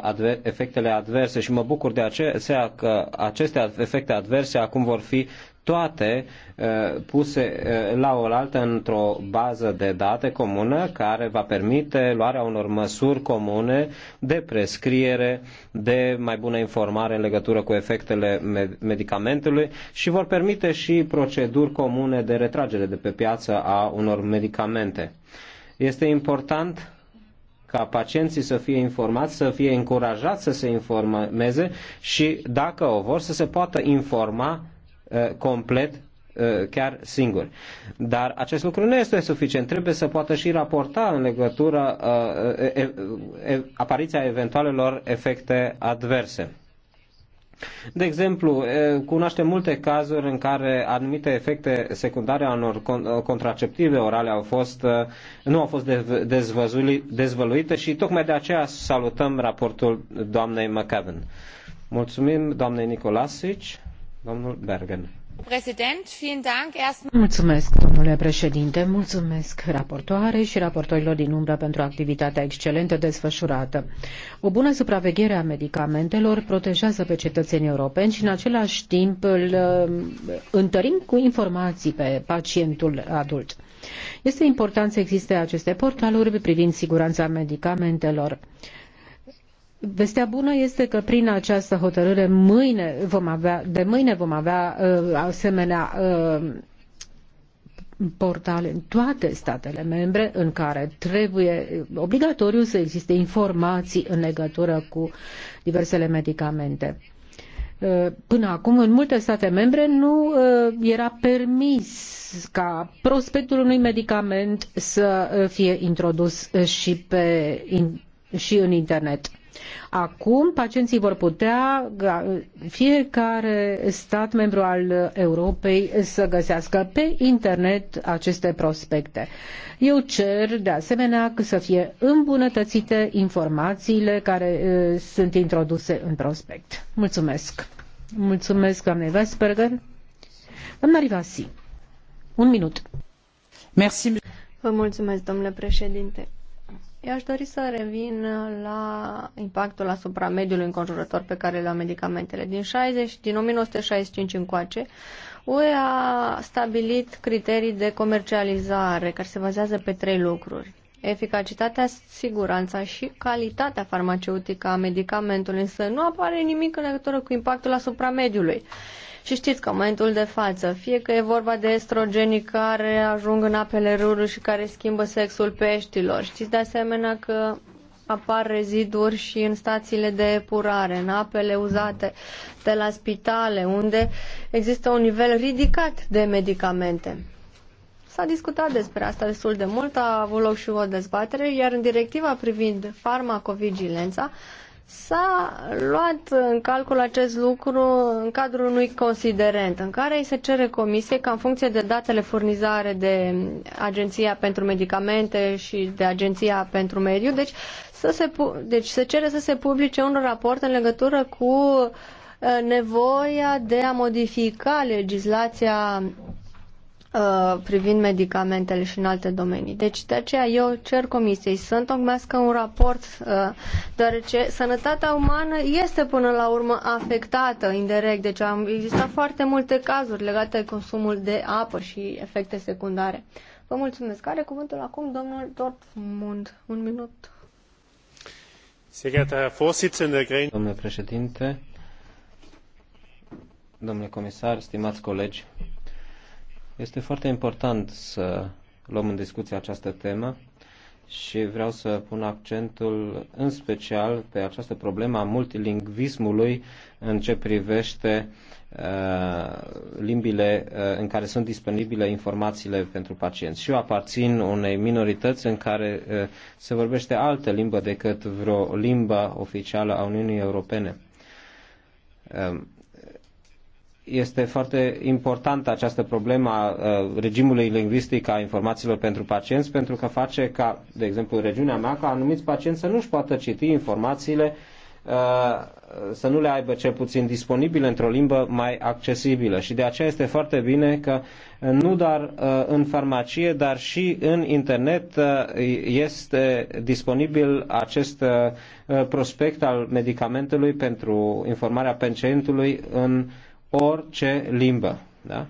adver efectele adverse și mă bucur de aceea că aceste efecte adverse acum vor fi toate eh, puse eh, la oaltă într-o bază de date comună care va permite luarea unor măsuri comune de prescriere, de mai bună informare în legătură cu efectele medicamentului și vor permite și proceduri comune de retragere de pe piață a unor medicamente. Este important ca pacienții să fie informați, să fie încurajați să se informeze și, dacă o vor, să se poată informa Uh, complet uh, chiar singur. Dar acest lucru nu este suficient. Trebuie să poată și raporta în legătură uh, apariția eventualelor efecte adverse. De exemplu, cunoaștem multe cazuri în care anumite efecte secundare a unor contraceptive orale au fost, nu au fost dezvăluite și tocmai de aceea salutăm raportul doamnei McAven. Mulțumim doamnei Nicolasici. Mulțumesc, domnule președinte, mulțumesc raportoare și raportorilor din umbră pentru activitatea excelentă desfășurată. O bună supraveghere a medicamentelor protejează pe cetățenii europeni și în același timp îl uh, întărim cu informații pe pacientul adult. Este important să existe aceste portaluri privind siguranța medicamentelor Vestea bună este că prin această hotărâre mâine vom avea, de mâine vom avea uh, asemenea uh, portale în toate statele membre în care trebuie obligatoriu să existe informații în legătură cu diversele medicamente. Uh, până acum, în multe state membre, nu uh, era permis ca prospectul unui medicament să uh, fie introdus și, pe, și în internet. Acum pacienții vor putea fiecare stat membru al Europei să găsească pe internet aceste prospecte. Eu cer de asemenea să fie îmbunătățite informațiile care sunt introduse în prospect. Mulțumesc! Mulțumesc, doamne Vesperger. Doamna Rivasi, un minut. Merci. Vă mulțumesc, domnule președinte. Eu aș dori să revin la impactul asupra mediului înconjurător pe care le au medicamentele. Din, 60, din 1965 încoace, UE a stabilit criterii de comercializare care se bazează pe trei lucruri. Eficacitatea, siguranța și calitatea farmaceutică a medicamentului, însă nu apare nimic în legătură cu impactul asupra mediului. Și știți că în momentul de față, fie că e vorba de estrogenii care ajung în apele râului și care schimbă sexul peștilor, știți de asemenea că apar reziduri și în stațiile de epurare, în apele uzate de la spitale, unde există un nivel ridicat de medicamente. S-a discutat despre asta destul de mult, a avut loc și o dezbatere, iar în directiva privind farmacovigilența s-a luat în calcul acest lucru în cadrul unui considerent în care îi se cere comisie, ca în funcție de datele furnizare de Agenția pentru Medicamente și de Agenția pentru Mediu, deci, să se, deci se cere să se publice un raport în legătură cu uh, nevoia de a modifica legislația Uh, privind medicamentele și în alte domenii. Deci de aceea eu cer comisiei să întocmească un raport, uh, deoarece sănătatea umană este până la urmă afectată indirect. Deci am existat foarte multe cazuri legate de consumul de apă și efecte secundare. Vă mulțumesc. Are cuvântul acum domnul Dortmund. Un minut. Domnule președinte, domnule comisar, stimați colegi, este foarte important să luăm în discuție această temă și vreau să pun accentul în special pe această problemă a multilingvismului în ce privește uh, limbile uh, în care sunt disponibile informațiile pentru pacienți. Și eu aparțin unei minorități în care uh, se vorbește altă limbă decât vreo limbă oficială a Uniunii Europene. Um, este foarte importantă această problemă a regimului lingvistic a informațiilor pentru pacienți, pentru că face ca, de exemplu, în regiunea mea, ca anumiți pacienți să nu-și poată citi informațiile, să nu le aibă cel puțin disponibile într-o limbă mai accesibilă. Și de aceea este foarte bine că nu doar în farmacie, dar și în internet este disponibil acest prospect al medicamentului pentru informarea pacientului în orice limbă. Da?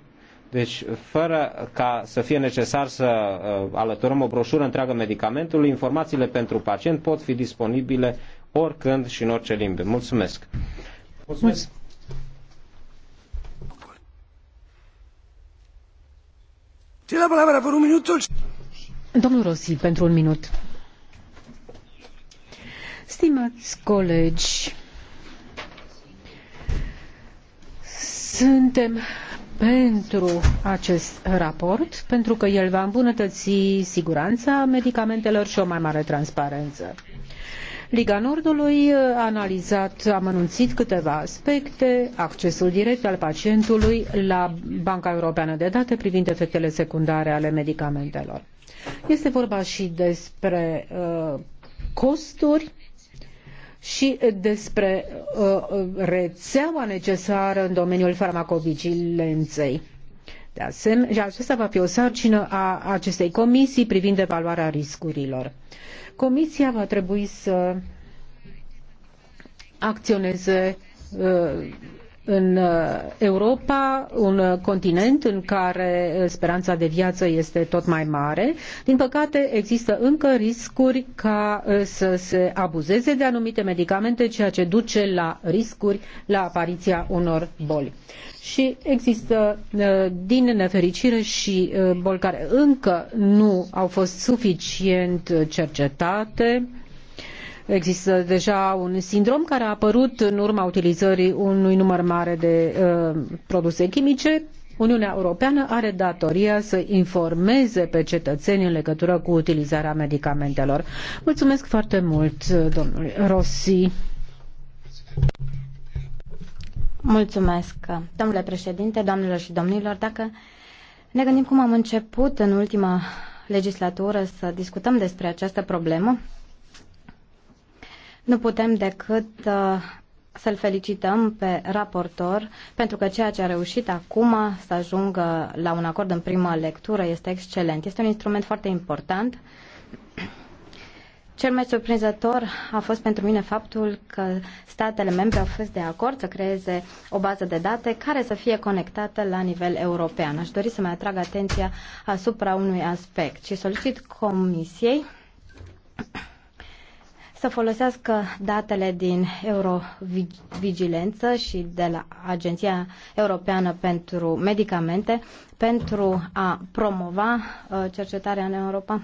Deci, fără ca să fie necesar să uh, alăturăm o broșură întreagă medicamentului, informațiile pentru pacient pot fi disponibile oricând și în orice limbă. Mulțumesc! Mulțumesc! Tiene la palabra por un minuto. Domnul Rossi, pentru un minut. Stimați colegi, Suntem pentru acest raport, pentru că el va îmbunătăți siguranța medicamentelor și o mai mare transparență. Liga Nordului a analizat, a mănunțit câteva aspecte, accesul direct al pacientului la Banca Europeană de Date privind efectele secundare ale medicamentelor. Este vorba și despre uh, costuri și despre uh, uh, rețeaua necesară în domeniul farmacovigilenței. De asemenea, și aceasta va fi o sarcină a acestei comisii privind evaluarea riscurilor. Comisia va trebui să acționeze uh, în uh, Europa, un uh, continent în care uh, speranța de viață este tot mai mare. Din păcate, există încă riscuri ca să se abuzeze de anumite medicamente, ceea ce duce la riscuri, la apariția unor boli. Și există, din nefericire, și boli care încă nu au fost suficient cercetate, Există deja un sindrom care a apărut în urma utilizării unui număr mare de uh, produse chimice. Uniunea Europeană are datoria să informeze pe cetățeni în legătură cu utilizarea medicamentelor. Mulțumesc foarte mult, uh, domnule Rossi. Mulțumesc, domnule președinte, doamnelor și domnilor. Dacă ne gândim cum am început în ultima legislatură să discutăm despre această problemă, nu putem decât uh, să-l felicităm pe raportor pentru că ceea ce a reușit acum să ajungă la un acord în prima lectură este excelent. Este un instrument foarte important. Cel mai surprinzător a fost pentru mine faptul că statele membre au fost de acord să creeze o bază de date care să fie conectată la nivel european. Aș dori să mai atrag atenția asupra unui aspect și solicit Comisiei să folosească datele din Eurovigilență și de la Agenția Europeană pentru Medicamente pentru a promova uh, cercetarea în Europa.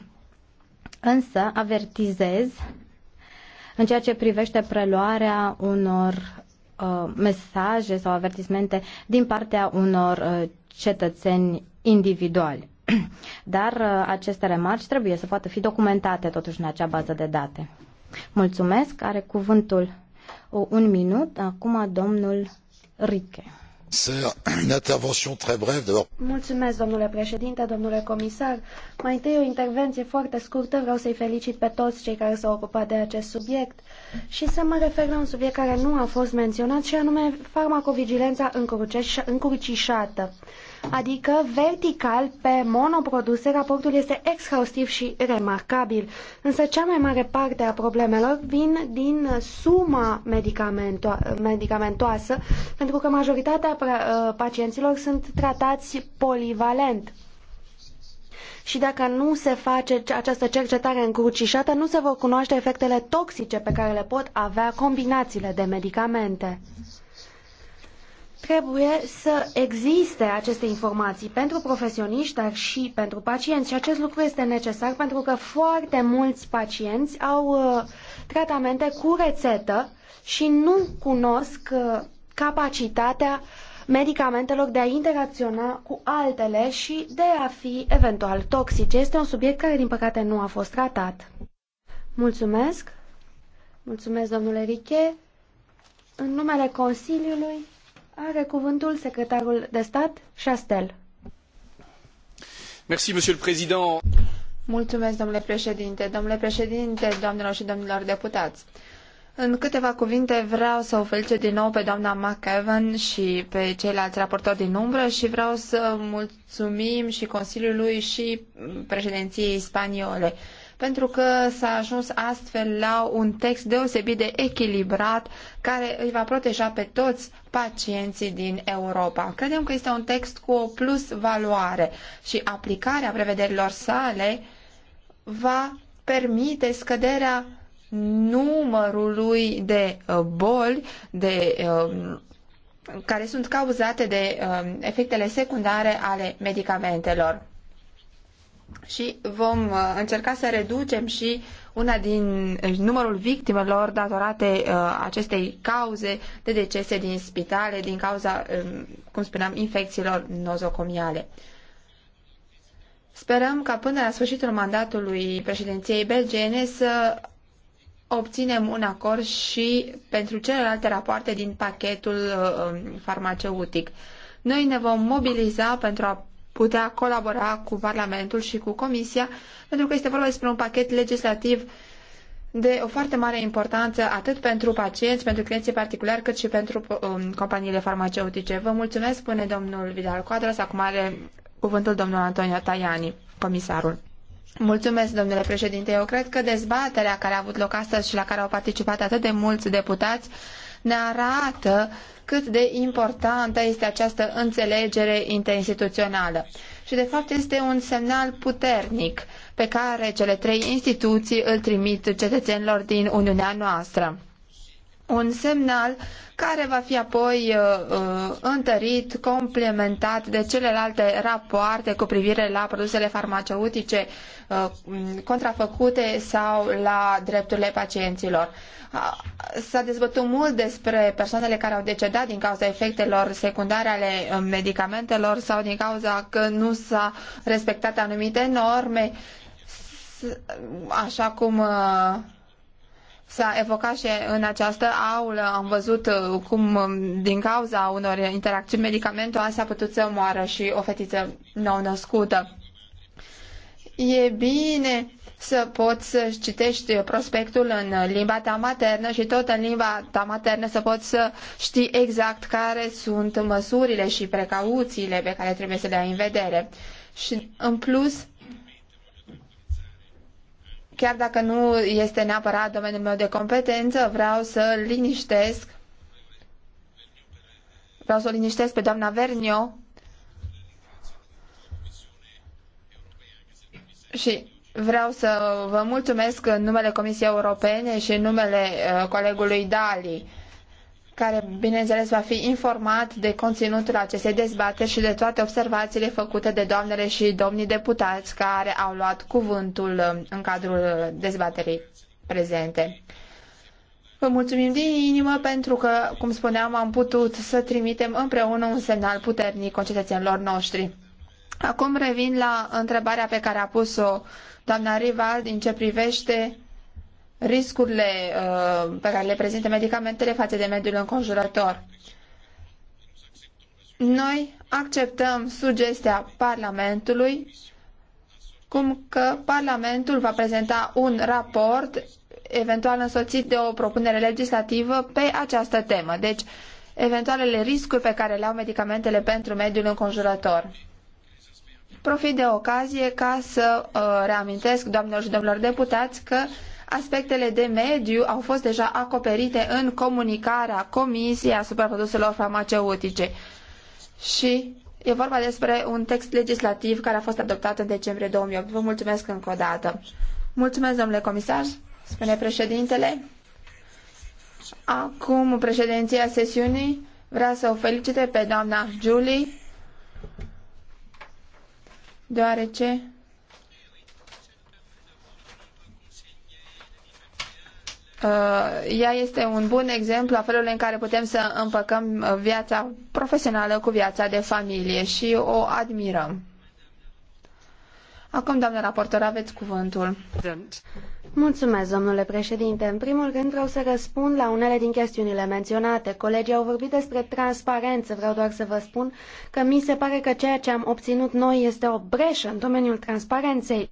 Însă avertizez în ceea ce privește preluarea unor uh, mesaje sau avertismente din partea unor uh, cetățeni individuali. [clears throat] Dar uh, aceste remarci trebuie să poată fi documentate totuși în acea bază de date. Mulțumesc. Are cuvântul o, un minut. Acum domnul Riche. Mulțumesc, domnule președinte, domnule comisar. Mai întâi o intervenție foarte scurtă. Vreau să-i felicit pe toți cei care s-au ocupat de acest subiect și să mă refer la un subiect care nu a fost menționat și anume farmacovigilența încrucișată adică vertical pe monoproduse, raportul este exhaustiv și remarcabil. Însă cea mai mare parte a problemelor vin din suma medicamento medicamentoasă, pentru că majoritatea ă, pacienților sunt tratați polivalent și dacă nu se face această cercetare încrucișată, nu se vor cunoaște efectele toxice pe care le pot avea combinațiile de medicamente. Trebuie să existe aceste informații pentru profesioniști, dar și pentru pacienți și acest lucru este necesar pentru că foarte mulți pacienți au uh, tratamente cu rețetă și nu cunosc uh, capacitatea medicamentelor de a interacționa cu altele și de a fi eventual toxice. Este un subiect care, din păcate, nu a fost tratat. Mulțumesc! Mulțumesc, domnule Riche! În numele Consiliului, are cuvântul secretarul de stat, Chastel. Merci, monsieur le président. Mulțumesc, domnule președinte, domnule președinte, doamnelor și domnilor deputați. În câteva cuvinte vreau să o felicit din nou pe doamna McEvan și pe ceilalți raportori din umbră și vreau să mulțumim și Consiliului și președinției spaniole. Uh, pentru că s-a ajuns astfel la un text deosebit de echilibrat care îi va proteja pe toți pacienții din Europa. Credem că este un text cu o plus valoare și aplicarea prevederilor sale va permite scăderea numărului de uh, boli, de um, care sunt cauzate de um, efectele secundare ale medicamentelor și vom uh, încerca să reducem și una din uh, numărul victimelor datorate uh, acestei cauze de decese din spitale din cauza, um, cum spuneam, infecțiilor nozocomiale. Sperăm ca până la sfârșitul mandatului președinției belgene să obținem un acord și pentru celelalte rapoarte din pachetul um, farmaceutic. Noi ne vom mobiliza pentru a putea colabora cu Parlamentul și cu Comisia, pentru că este vorba despre un pachet legislativ de o foarte mare importanță atât pentru pacienți, pentru clienții particulari, cât și pentru um, companiile farmaceutice. Vă mulțumesc, spune domnul Vidal Coadras, acum are cuvântul domnul Antonio Tajani, comisarul. Mulțumesc, domnule președinte. Eu cred că dezbaterea care a avut loc astăzi și la care au participat atât de mulți deputați ne arată cât de importantă este această înțelegere interinstituțională. Și de fapt este un semnal puternic pe care cele trei instituții îl trimit cetățenilor din Uniunea noastră un semnal care va fi apoi uh, uh, întărit, complementat de celelalte rapoarte cu privire la produsele farmaceutice uh, contrafăcute sau la drepturile pacienților. Uh, S-a dezbătut mult despre persoanele care au decedat din cauza efectelor secundare ale uh, medicamentelor sau din cauza că nu s-a respectat anumite norme, așa cum uh, s-a evocat și în această aulă, am văzut uh, cum um, din cauza unor interacțiuni medicamentoase a putut să moară și o fetiță nou-născută. E bine să poți să citești uh, prospectul în limba ta maternă și tot în limba ta maternă să poți să știi exact care sunt măsurile și precauțiile pe care trebuie să le ai în vedere. Și în plus, chiar dacă nu este neapărat domeniul meu de competență, vreau să liniștesc vreau să o liniștesc pe doamna Vernio și vreau să vă mulțumesc în numele Comisiei Europene și în numele uh, colegului Dali care, bineînțeles, va fi informat de conținutul acestei dezbateri și de toate observațiile făcute de doamnele și domnii deputați care au luat cuvântul um, în cadrul dezbaterii prezente. Vă mulțumim din inimă pentru că, cum spuneam, am putut să trimitem împreună un semnal puternic concetățenilor noștri. Acum revin la întrebarea pe care a pus-o doamna Rival din ce privește riscurile uh, pe care le prezintă medicamentele față de mediul înconjurător. Noi acceptăm sugestia Parlamentului cum că Parlamentul va prezenta un raport eventual însoțit de o propunere legislativă pe această temă. Deci, eventualele riscuri pe care le au medicamentele pentru mediul înconjurător. Profit de ocazie ca să uh, reamintesc, doamnelor și domnilor deputați, că uh, Aspectele de mediu au fost deja acoperite în comunicarea Comisiei asupra produselor farmaceutice și e vorba despre un text legislativ care a fost adoptat în decembrie 2008. Vă mulțumesc încă o dată. Mulțumesc, domnule comisar, spune președintele. Acum, președinția sesiunii vrea să o felicite pe doamna Julie, deoarece Uh, ea este un bun exemplu a felului în care putem să împăcăm viața profesională cu viața de familie și o admirăm. Acum, doamnă raportor, aveți cuvântul. Mulțumesc, domnule președinte. În primul rând vreau să răspund la unele din chestiunile menționate. Colegii au vorbit despre transparență. Vreau doar să vă spun că mi se pare că ceea ce am obținut noi este o breșă în domeniul transparenței.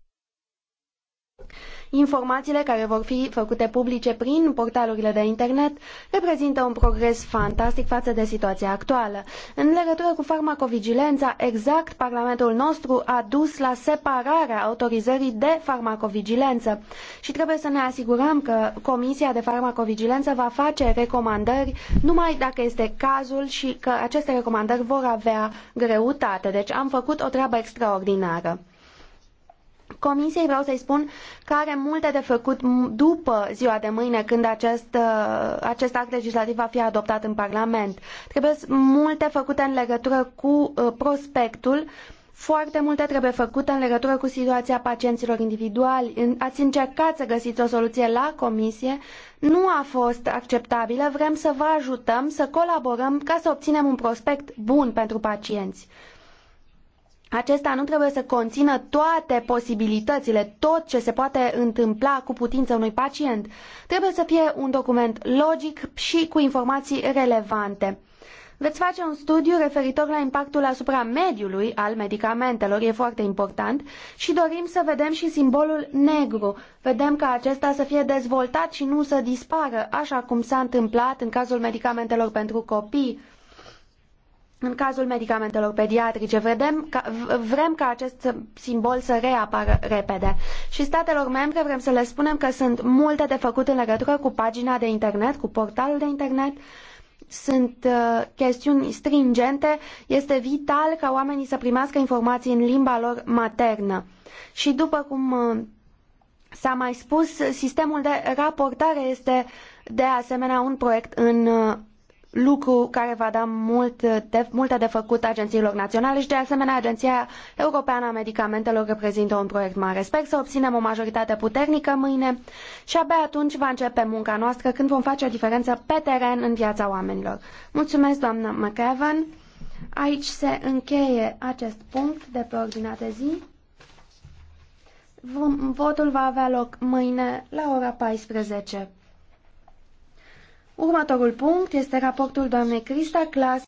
Informațiile care vor fi făcute publice prin portalurile de internet reprezintă un progres fantastic față de situația actuală. În legătură cu farmacovigilența, exact Parlamentul nostru a dus la separarea autorizării de farmacovigilență și trebuie să ne asigurăm că Comisia de Farmacovigilență va face recomandări numai dacă este cazul și că aceste recomandări vor avea greutate. Deci am făcut o treabă extraordinară. Comisiei vreau să-i spun că are multe de făcut după ziua de mâine când acest, uh, acest act legislativ va fi adoptat în Parlament. Trebuie multe făcute în legătură cu uh, prospectul, foarte multe trebuie făcute în legătură cu situația pacienților individuali. Ați încercat să găsiți o soluție la comisie, nu a fost acceptabilă, vrem să vă ajutăm, să colaborăm ca să obținem un prospect bun pentru pacienți acesta nu trebuie să conțină toate posibilitățile, tot ce se poate întâmpla cu putință unui pacient. Trebuie să fie un document logic și cu informații relevante. Veți face un studiu referitor la impactul asupra mediului al medicamentelor, e foarte important, și dorim să vedem și simbolul negru. Vedem ca acesta să fie dezvoltat și nu să dispară, așa cum s-a întâmplat în cazul medicamentelor pentru copii. În cazul medicamentelor pediatrice vedem ca, vrem ca acest simbol să reapară repede și statelor membre vrem să le spunem că sunt multe de făcut în legătură cu pagina de internet, cu portalul de internet, sunt uh, chestiuni stringente, este vital ca oamenii să primească informații în limba lor maternă. Și după cum uh, s-a mai spus, sistemul de raportare este de asemenea un proiect în uh, lucru care va da mult de, multe de făcut agențiilor naționale și de asemenea Agenția Europeană a Medicamentelor reprezintă un proiect mare. Sper să obținem o majoritate puternică mâine și abia atunci va începe munca noastră când vom face o diferență pe teren în viața oamenilor. Mulțumesc, doamnă McEvan. Aici se încheie acest punct de pe ordinea de zi. Votul va avea loc mâine la ora 14. Următorul punct este raportul doamnei Crista Clas